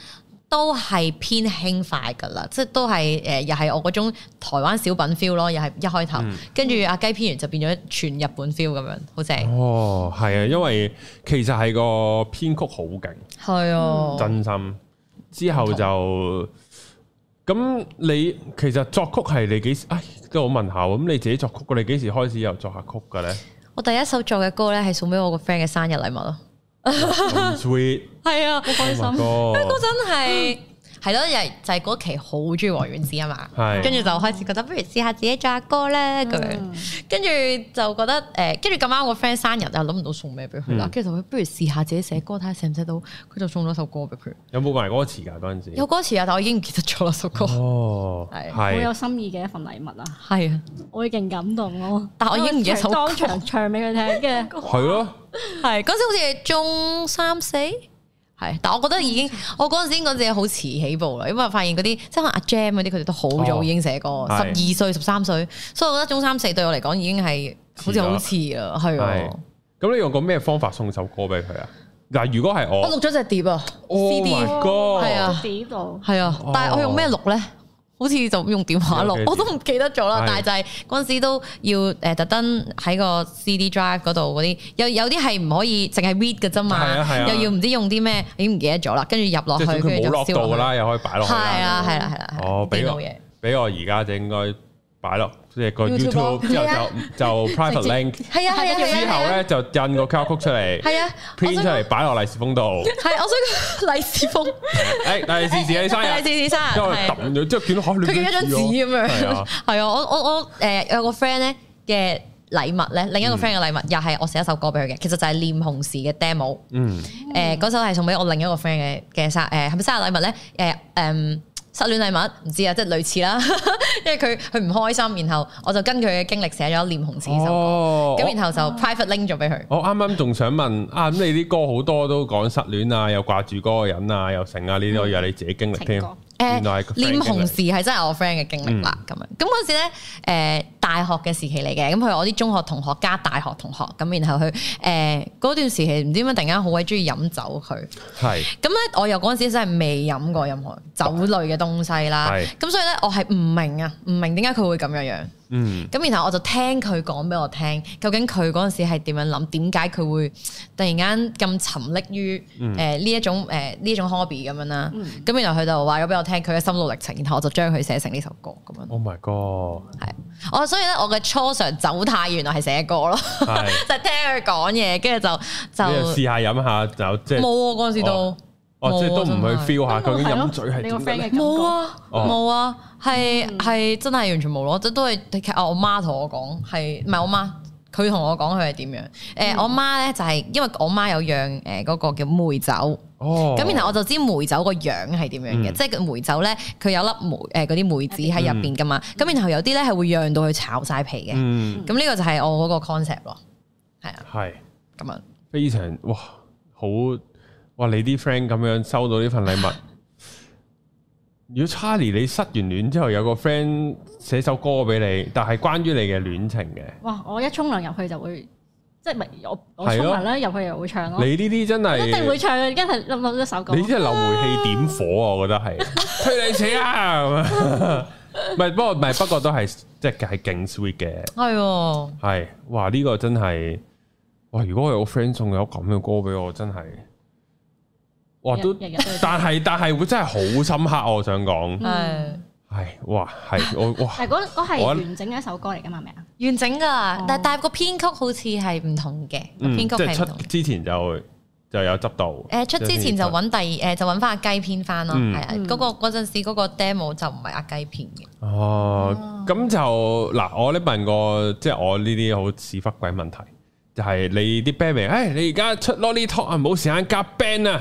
都係偏輕快噶啦，即係都係誒、呃，又係我嗰種台灣小品 feel 咯，又係一開頭，嗯、跟住阿雞編完就變咗全日本 feel 咁樣，好正。哦，係啊，因為其實係個編曲好勁，係啊、嗯，真心。之後就咁，你其實作曲係你幾時唉？都好問下，咁你自己作曲，你幾時開始又作下曲嘅咧？我第一首作嘅歌咧，係送俾我個 friend 嘅生日禮物咯。係啊，開心！因為嗰陣係。係咯，又就係嗰期好中意黃婉詩啊嘛，跟住就開始覺得不如試下自己作歌咧咁樣，跟住就覺得誒，跟住咁啱個 friend 生日啊，諗唔到送咩俾佢啦，其實佢不如試下自己寫歌睇下寫唔寫到，佢就送咗首歌俾佢。有冇埋歌詞噶嗰陣時？有歌詞啊，但我已經唔記得咗啦首歌。哦，係好有心意嘅一份禮物啊，係啊，我勁感動咯。但我已經唔記得首。當場唱俾佢聽嘅。係咯。係嗰時好似中三四。係，但我覺得已經，我嗰陣時講自己好遲起步啦，因為發現嗰啲即係阿 Jam 嗰啲，佢哋都好早已經寫歌，十二歲、十三歲，歲所以我覺得中三、四對我嚟講已經係好似好遲啦，係啊。咁你用過咩方法送首歌俾佢啊？嗱，如果係我，我錄咗隻碟啊、哦、CD，係啊，喺度，係啊、哦，哦、但係我用咩錄咧？好似就用電話錄，我都唔記得咗啦。係啊，但係就係嗰陣時都要誒、呃，特登喺個 C D drive 嗰度嗰啲，有有啲係唔可以淨係 read 嘅啫嘛，又要唔知用啲咩，已經唔記得咗啦。跟住入落去，即係佢冇落度啦，又可以擺落去係啊，係啦，係啦，哦，俾我，俾我而家就應該。擺落，即係個 YouTube 之後就就 private link，之後咧就印個卡拉曲出嚟，print 出嚟擺落利是封度。係，我想講利是封，誒利是啊，生日，利是生日，因為揼咗之後捲到海裏面。佢叫一張紙咁樣，係啊，我我我誒有個 friend 咧嘅禮物咧，另一個 friend 嘅禮物又係我寫一首歌俾佢嘅，其實就係《念紅時》嘅 demo。嗯，誒嗰首係送俾我另一個 friend 嘅嘅生誒係咪生日禮物咧？誒誒。失戀禮物唔知啊，即係類似啦， 因為佢佢唔開心，然後我就跟佢嘅經歷寫咗《念紅時》首歌，咁、哦、然後就 private link 咗俾佢。我啱啱仲想問啊，咁你啲歌好多都講失戀啊，又掛住嗰個人啊，又成啊，呢啲都係你自己經歷添？誒，念紅事係真係我 friend 嘅經歷啦，咁樣咁嗰陣時咧，誒、呃、大學嘅時期嚟嘅，咁佢我啲中學同學加大學同學，咁然後佢，誒、呃、嗰段時期唔知點解突然間好鬼中意飲酒佢，係，咁咧是我又嗰陣時真係未飲過任何酒類嘅東西啦，咁所以咧我係唔明啊，唔明點解佢會咁樣樣。嗯，咁然後我就聽佢講俾我聽，究竟佢嗰陣時係點樣諗，點解佢會突然間咁沉溺於誒呢一種誒呢一種 hobby 咁樣啦。咁、嗯、然後佢就話咗俾我聽佢嘅心路歷程，然後我就將佢寫成呢首歌咁樣。Oh my god！係，我所以咧，我嘅初常走太原來係寫歌咯，是 就聽佢講嘢，跟住就就試下飲下就即係冇啊！嗰陣時都。哦即係都唔去 feel 下究竟飲醉係點，冇啊，冇啊，係係真係完全冇咯，即都係我媽同我講係，唔係我媽佢同我講佢係點樣？誒，我媽咧就係因為我媽有釀誒嗰個叫梅酒，咁然後我就知梅酒個樣係點樣嘅，即係梅酒咧佢有粒梅誒嗰啲梅子喺入邊噶嘛，咁然後有啲咧係會釀到佢炒晒皮嘅，咁呢個就係我嗰個 concept 咯，係啊，係咁樣非常哇，好。哇！你啲 friend 咁樣收到呢份禮物，如果查 h 你失完戀之後有個 friend 寫首歌俾你，但係關於你嘅戀情嘅，哇！我一沖涼入去就會，即係咪我我沖涼咧入去又會唱咯。你呢啲真係一定會唱，一係諗到呢首歌。你真係流煤氣點火啊？啊我覺得係，推 你死啊！唔係 不，不過唔係不過，不過,不過都係即係係勁 sweet 嘅，係係 哇！呢、這個真係哇！如果我有 friend 送咗咁嘅歌俾我，真係。真都但係但係會真係好深刻，我想講，係哇，係我哇，係係完整嘅一首歌嚟噶嘛？咪啊，完整噶，但係但係個編曲好似係唔同嘅編曲，即係出之前就就有執到誒，出之前就揾第二誒，就揾翻雞片翻咯，係啊，嗰個嗰陣時嗰個 demo 就唔係阿雞片嘅哦。咁就嗱，我呢問過即係我呢啲好屎忽鬼問題，就係你啲 banding 你而家出 lolly talk 啊，冇時間夾 band 啊。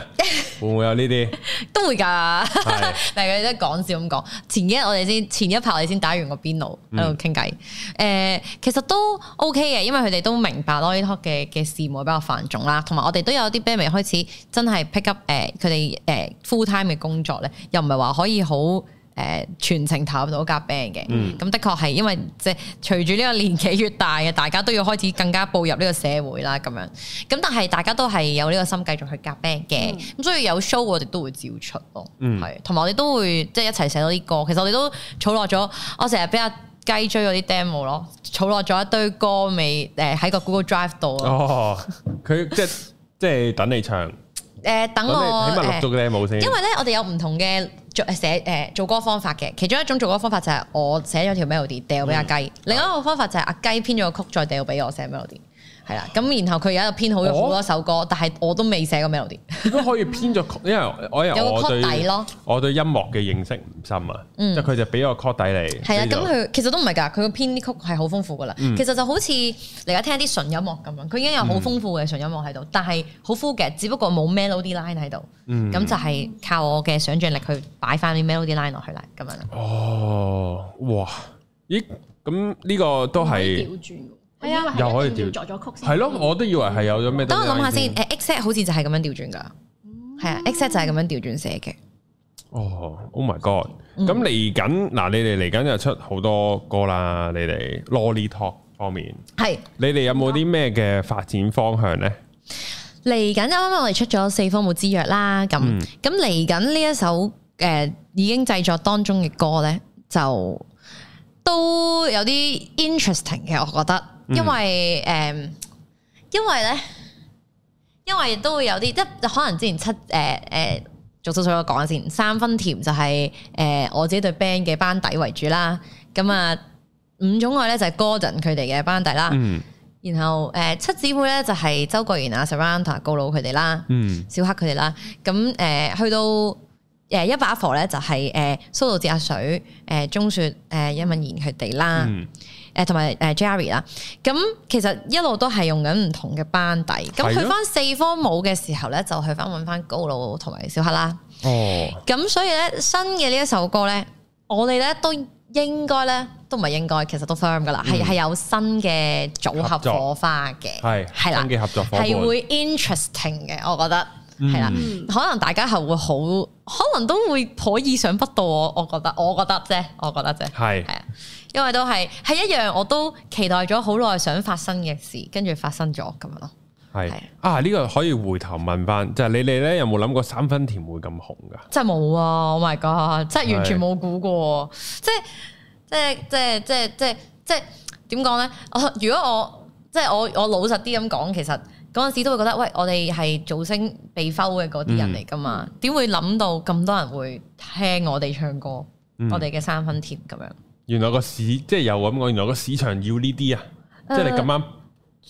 會唔會有呢啲？都會㗎，但係佢哋都講笑咁講。前一日我哋先，前一排我哋先打完個、嗯、邊爐喺度傾偈。誒、呃，其實都 OK 嘅，因為佢哋都明白咯，Lolly Talk 嘅嘅事務比較繁重啦，同埋我哋都有啲僆未開始真係 pick up 誒佢哋誒 full time 嘅工作咧，又唔係話可以好。誒全程投入到夾 band 嘅，咁的確係因為即係隨住呢個年紀越大啊，大家都要開始更加步入呢個社會啦，咁樣。咁但係大家都係有呢個心繼續去夾 band 嘅，咁、嗯、所以有 show 我哋都會照出咯，係、嗯。同埋我哋都會即係、就是、一齊寫多啲歌，其實我哋都儲落咗。我成日俾阿雞追嗰啲 demo 咯，儲落咗一堆歌未誒喺個 Google Drive 度佢，哦、即係 即係等你唱。誒等我，因為咧我哋有唔同嘅做寫誒做歌方法嘅，其中一種做歌方法就係我寫咗條 melody 掉俾阿雞，嗯、另一個方法就係阿雞編咗個曲再掉俾我寫 melody。係啦，咁然後佢而家就編好咗好多首歌，但係我都未寫過 melody。如果可以編咗曲，因為我又有個 code 底囉，我對我對音樂嘅認識唔深啊，即佢就俾個 code 底你。係啊，咁佢其實都唔係噶，佢個編曲係好豐富噶啦。其實就好似你而家聽一啲純音樂咁樣，佢已經有好豐富嘅純音樂喺度，但係好 full 嘅，只不過冇 melody line 喺度。嗯，咁就係靠我嘅想象力去擺翻啲 melody line 落去啦。咁樣。哦，哇，咦，咁呢個都係。係啊，又可以調作咗曲，係咯，我都以為係有咗咩？等我諗下先。誒 e x c 好似就係咁樣調轉噶，係啊 e x c 就係咁樣調轉寫嘅。哦，Oh my God！咁嚟緊嗱，你哋嚟緊又出好多歌啦。你哋 Lolly Talk 方面係你哋有冇啲咩嘅發展方向咧？嚟緊啱啱我哋出咗《四方冇之約》啦。咁咁嚟緊呢一首誒已經製作當中嘅歌咧，就都有啲 interesting 嘅，我覺得。因為誒、嗯，因為咧，因為都會有啲，即可能之前七誒誒、呃呃，逐張數我講先，三分甜就係、是、誒、呃、我自己對 band 嘅班底為主啦。咁啊，五種愛咧就係 Gordon 佢哋嘅班底啦。嗯。然後誒、呃，七姊妹咧就係周國賢啊、Saranta、高佬佢哋啦。嗯。小黑佢哋啦，咁誒、呃、去到誒一把火咧就係誒蘇道哲阿水、誒、呃、鍾雪、誒、呃、甄文賢佢哋啦。嗯。誒同埋誒 Jerry 啦，咁其實一路都係用緊唔同嘅班底，咁的去翻四方舞嘅時候咧，就去翻揾翻高佬同埋小黑啦。哦，咁所以咧新嘅呢一首歌咧，我哋咧都應該咧，都唔係應該，其實都 firm 噶啦，係係，嗯、有新嘅組合火花嘅，係係啦嘅合作係的會 interesting 嘅，我覺得。係啦，可能大家係會好，可能都會可意想不到我，我覺得，我覺得啫，我覺得啫，係係啊，因為都係係一樣，我都期待咗好耐，想發生嘅事，跟住發生咗咁樣咯。係啊，啊、這、呢個可以回頭問翻，就係、是、你哋咧有冇諗過三分甜會咁紅噶？即係冇啊！Oh my god！真係完全冇估過，的即係即係即係即係即係即係點講咧？我如果我即係我我老實啲咁講，其實。嗰陣時都會覺得，喂，我哋係祖星被封嘅嗰啲人嚟噶嘛？點、嗯、會諗到咁多人會聽我哋唱歌，嗯、我哋嘅三分甜咁樣？原來個市即係又咁講，原來個市場要呢啲啊！呃、即係你咁啱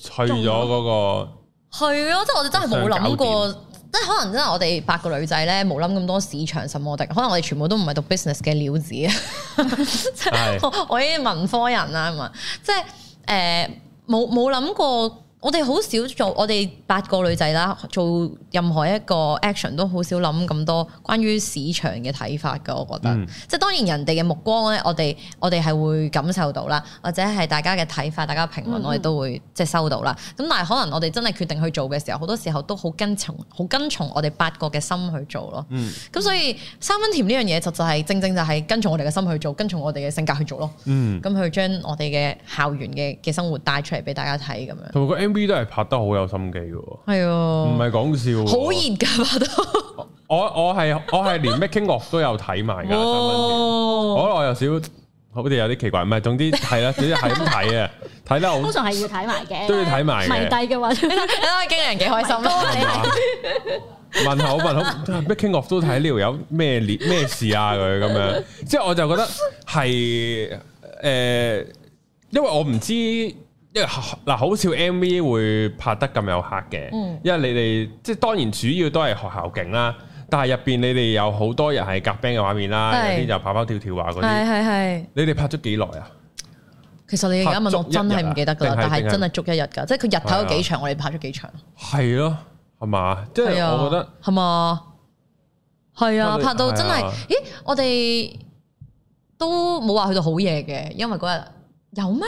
去咗嗰個係啊！即係我哋真係冇諗過，即係可能真係我哋八個女仔咧冇諗咁多市場什麼的，可能我哋全部都唔係讀 business 嘅料子啊！我我啲文科人啦，係咪？即係誒冇冇諗過。我哋好少做，我哋八個女仔啦，做任何一個 action 都好少諗咁多關於市場嘅睇法㗎。我覺得，嗯、即係當然人哋嘅目光咧，我哋我哋係會感受到啦，或者係大家嘅睇法、大家評論我哋都會、嗯、即係收到啦。咁但係可能我哋真係決定去做嘅時候，好多時候都好跟從好跟從我哋八個嘅心去做咯。咁、嗯、所以三分甜呢樣嘢，就就係正正就係跟從我哋嘅心去做，跟從我哋嘅性格去做咯。咁、嗯、去將我哋嘅校園嘅嘅生活帶出嚟俾大家睇咁樣。嗯 B 都係拍、啊、拍得好有心機嘅，係啊，唔係講笑，好嚴格拍到。我我係我係連 making 樂都有睇埋噶，可能我有少，好似有啲奇怪。唔係，總之係啦，總之係咁睇啊，睇得我通常係要睇埋嘅，都要睇埋嘅，謎底嘅嘛，咁樣驚人幾開心咯。問我問好、啊、making 樂都睇呢條有咩咩事啊佢咁樣，即係我就覺得係誒、呃，因為我唔知。因為嗱，好少 MV 會拍得咁有客嘅，因為你哋即係當然主要都係學校景啦，但係入邊你哋有好多人係夾 band 嘅畫面啦，有啲就跑跑跳跳啊嗰啲，係係係。你哋拍咗幾耐啊？其實你而家問我真係唔記得噶啦，但係真係足一日噶，即係佢日頭有幾長，我哋拍咗幾長。係咯，係嘛？即係我覺得係嘛？係啊，拍到真係，咦？ 我哋都冇話去到好夜嘅，因為嗰日有咩？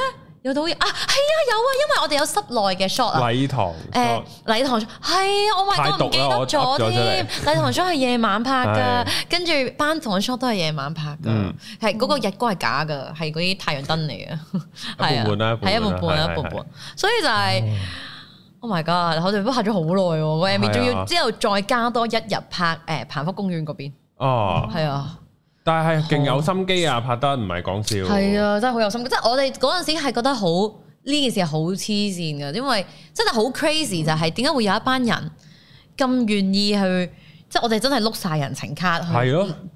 有到啊，係啊，有啊，因為我哋有室內嘅 shot 啊，禮堂，誒，禮堂係啊，我埋都唔記得咗添。禮堂 shot 係夜晚拍噶，跟住班房 shot 都係夜晚拍噶，係嗰個日光係假噶，係嗰啲太陽燈嚟嘅，係啊，係一半半一半半，所以就係，Oh my god！我哋都拍咗好耐，我哋仲要之後再加多一日拍，誒，彭福公園嗰邊，哦，係啊。但係勁有心機啊！Oh. 拍得唔係講笑嘅，係啊，真係好有心機。即係我哋嗰陣時係覺得好呢件事係好黐線嘅，因為真係好 crazy 就係點解會有一班人咁願意去。即係我哋真係碌晒人情卡去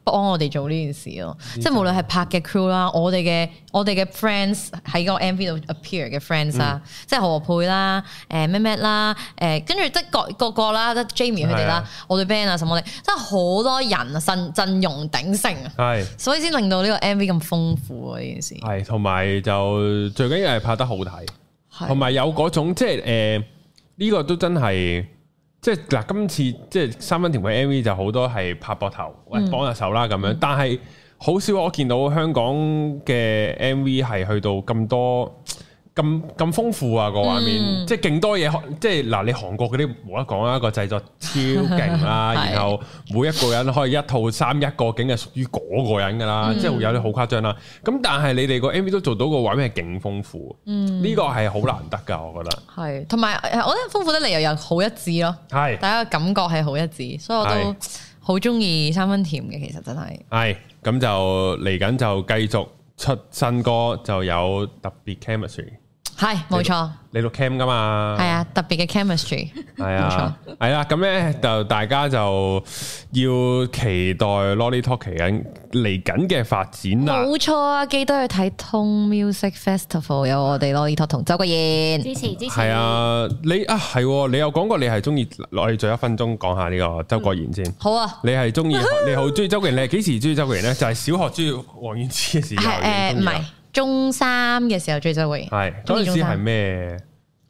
幫我哋做呢件事咯。的即係無論係拍嘅 crew 啦，我哋嘅我哋嘅 friends 喺個 MV 度 appear 嘅 friends 啊，嗯、即係何佩啦，誒咩咩啦，誒跟住即係各個啦，即 Jamie 佢哋啦，的我哋 band 啊，什麼啲，真係好多人啊，陣容鼎盛啊。係的，所以先令到呢個 MV 咁豐富啊呢件事。係，同埋就最緊要係拍得好睇，同埋的有嗰種即係誒呢個都真係。即係嗱，今次即係三分甜嘅 MV 就好多係拍膊頭，喂、嗯哎、幫下手啦咁樣，嗯、但係好少我見到香港嘅 MV 係去到咁多。咁咁豐富啊、個畫面，嗯、即係勁多嘢，即係嗱你韓國嗰啲冇得講啊，個製作超勁啦、啊， 是然後每一個人可以一套衫一個景係屬於嗰個人㗎啦，嗯、即係會有啲好誇張啦、啊。咁但係你哋個 MV 都做到個畫面係勁豐富，呢、嗯、個係好難得㗎，我覺得。係，同埋我覺得豐富得嚟又又好一致咯，係是大家嘅感覺係好一致，所以我都好中意三分甜嘅，其實真係。係咁就嚟緊就繼續出新歌，就有特別 chemistry。係冇錯，錯你錄 cam 噶嘛？係啊，特別嘅 chemistry。係啊，冇錯係啦，咁咧就大家就要期待 Lolly Talk 緊嚟緊嘅發展啦。冇錯啊，記得去睇 Tone Music Festival，有我哋 Lolly Talk 同周國賢。支持支持。係啊，你啊係、啊，你有講過你係中意，我哋再一分鐘講下呢、這個周國賢先、嗯。好啊，你係中意，你好中意周國賢，你係幾時中意周國賢咧？就係、是、小學中意王菀之嘅時候。誒、啊、唔、呃、係。中三嘅時候最追周慧敏，係嗰陣時係咩？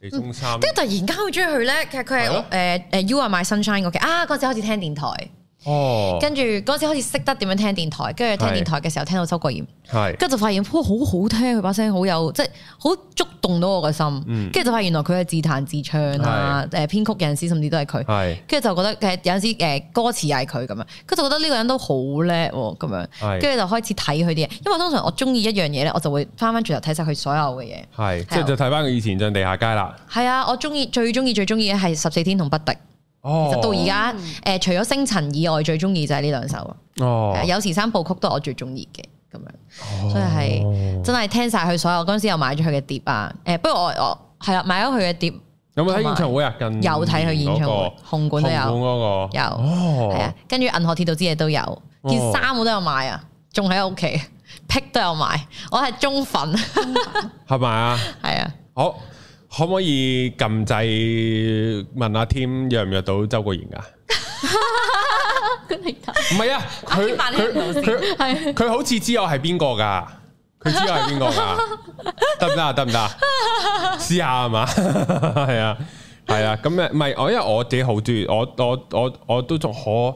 你中三，即係、嗯、突然間會中意佢呢？其實佢係我誒誒，You Are My Sunshine 嗰期啊，嗰陣時開始聽電台。哦，跟住嗰時開始識得點樣聽電台，跟住聽電台嘅時候聽到周國賢，係，跟住就發現，哇，好好聽，佢把聲好有，即係好觸動到我個心。嗯，跟住就發現原來佢係自彈自唱啊，誒，編曲嘅人士甚至都係佢，係，跟住就覺得有陣時誒，歌詞係佢咁樣，跟住就覺得呢個人都好叻喎，咁樣，跟住就開始睇佢啲嘢，因為通常我中意一樣嘢咧，我就會翻翻轉頭睇晒佢所有嘅嘢，係，即係就睇翻佢以前在地下街啦。係啊，我中意最中意最中意嘅係十四天同不敵。其實到而家，誒，除咗星塵以外，最中意就係呢兩首。哦、啊，有時三部曲都係我最中意嘅，咁樣，所以係、哦、真係聽晒佢所有。嗰陣時又買咗佢嘅碟、嗯、啊。誒，不過我我係啊，買咗佢嘅碟。有冇睇有、那個、演唱會入近？有睇佢演唱會，紅館都有。那個、哦、有，係啊。跟住《銀河鐵道》之夜都有，件衫我都有買啊，仲喺屋企，披都有買。我係中粉，係咪啊？係啊 。好。可唔可以撳掣問阿 Tim 約唔約到周國賢噶？唔係 啊，佢佢佢佢好似知我係邊個噶，佢知我係邊個噶，得唔得啊？得唔得？試下係嘛？係 啊，係啊，咁誒，唔係我因為我自己好中意，我我我我都仲可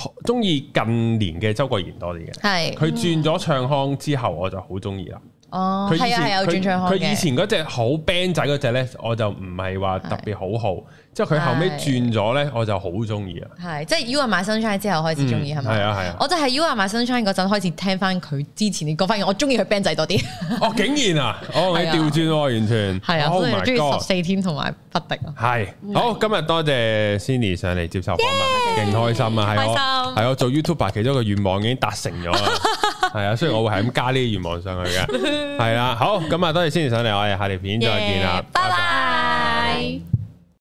可中意近年嘅周國賢多啲嘅，係佢是轉咗唱腔之後，我就好中意啦。哦，佢係啊係啊，她轉唱開嘅。佢以前嗰隻好 band 仔嗰隻咧，我就唔係話特別好好。即係佢後尾轉咗咧，我就好中意啊！係，即係 You Are My Sunshine 之後開始中意係咪？係啊係啊！我就係 You Are My Sunshine 嗰陣開始聽翻佢之前啲歌，反而我中意佢 band 仔多啲。哦，竟然啊！哦，你調轉完全係啊！我唔中意十四天同埋不敵。係好，今日多謝 Sinnie 上嚟接受訪問，勁開心啊！開心，係我做 YouTuber 其中一個願望已經達成咗啊！係啊，雖然我會係咁加呢個願望上去嘅，係啦。好，咁啊，多謝 Sinnie 上嚟，我哋下條片再見啦，拜拜。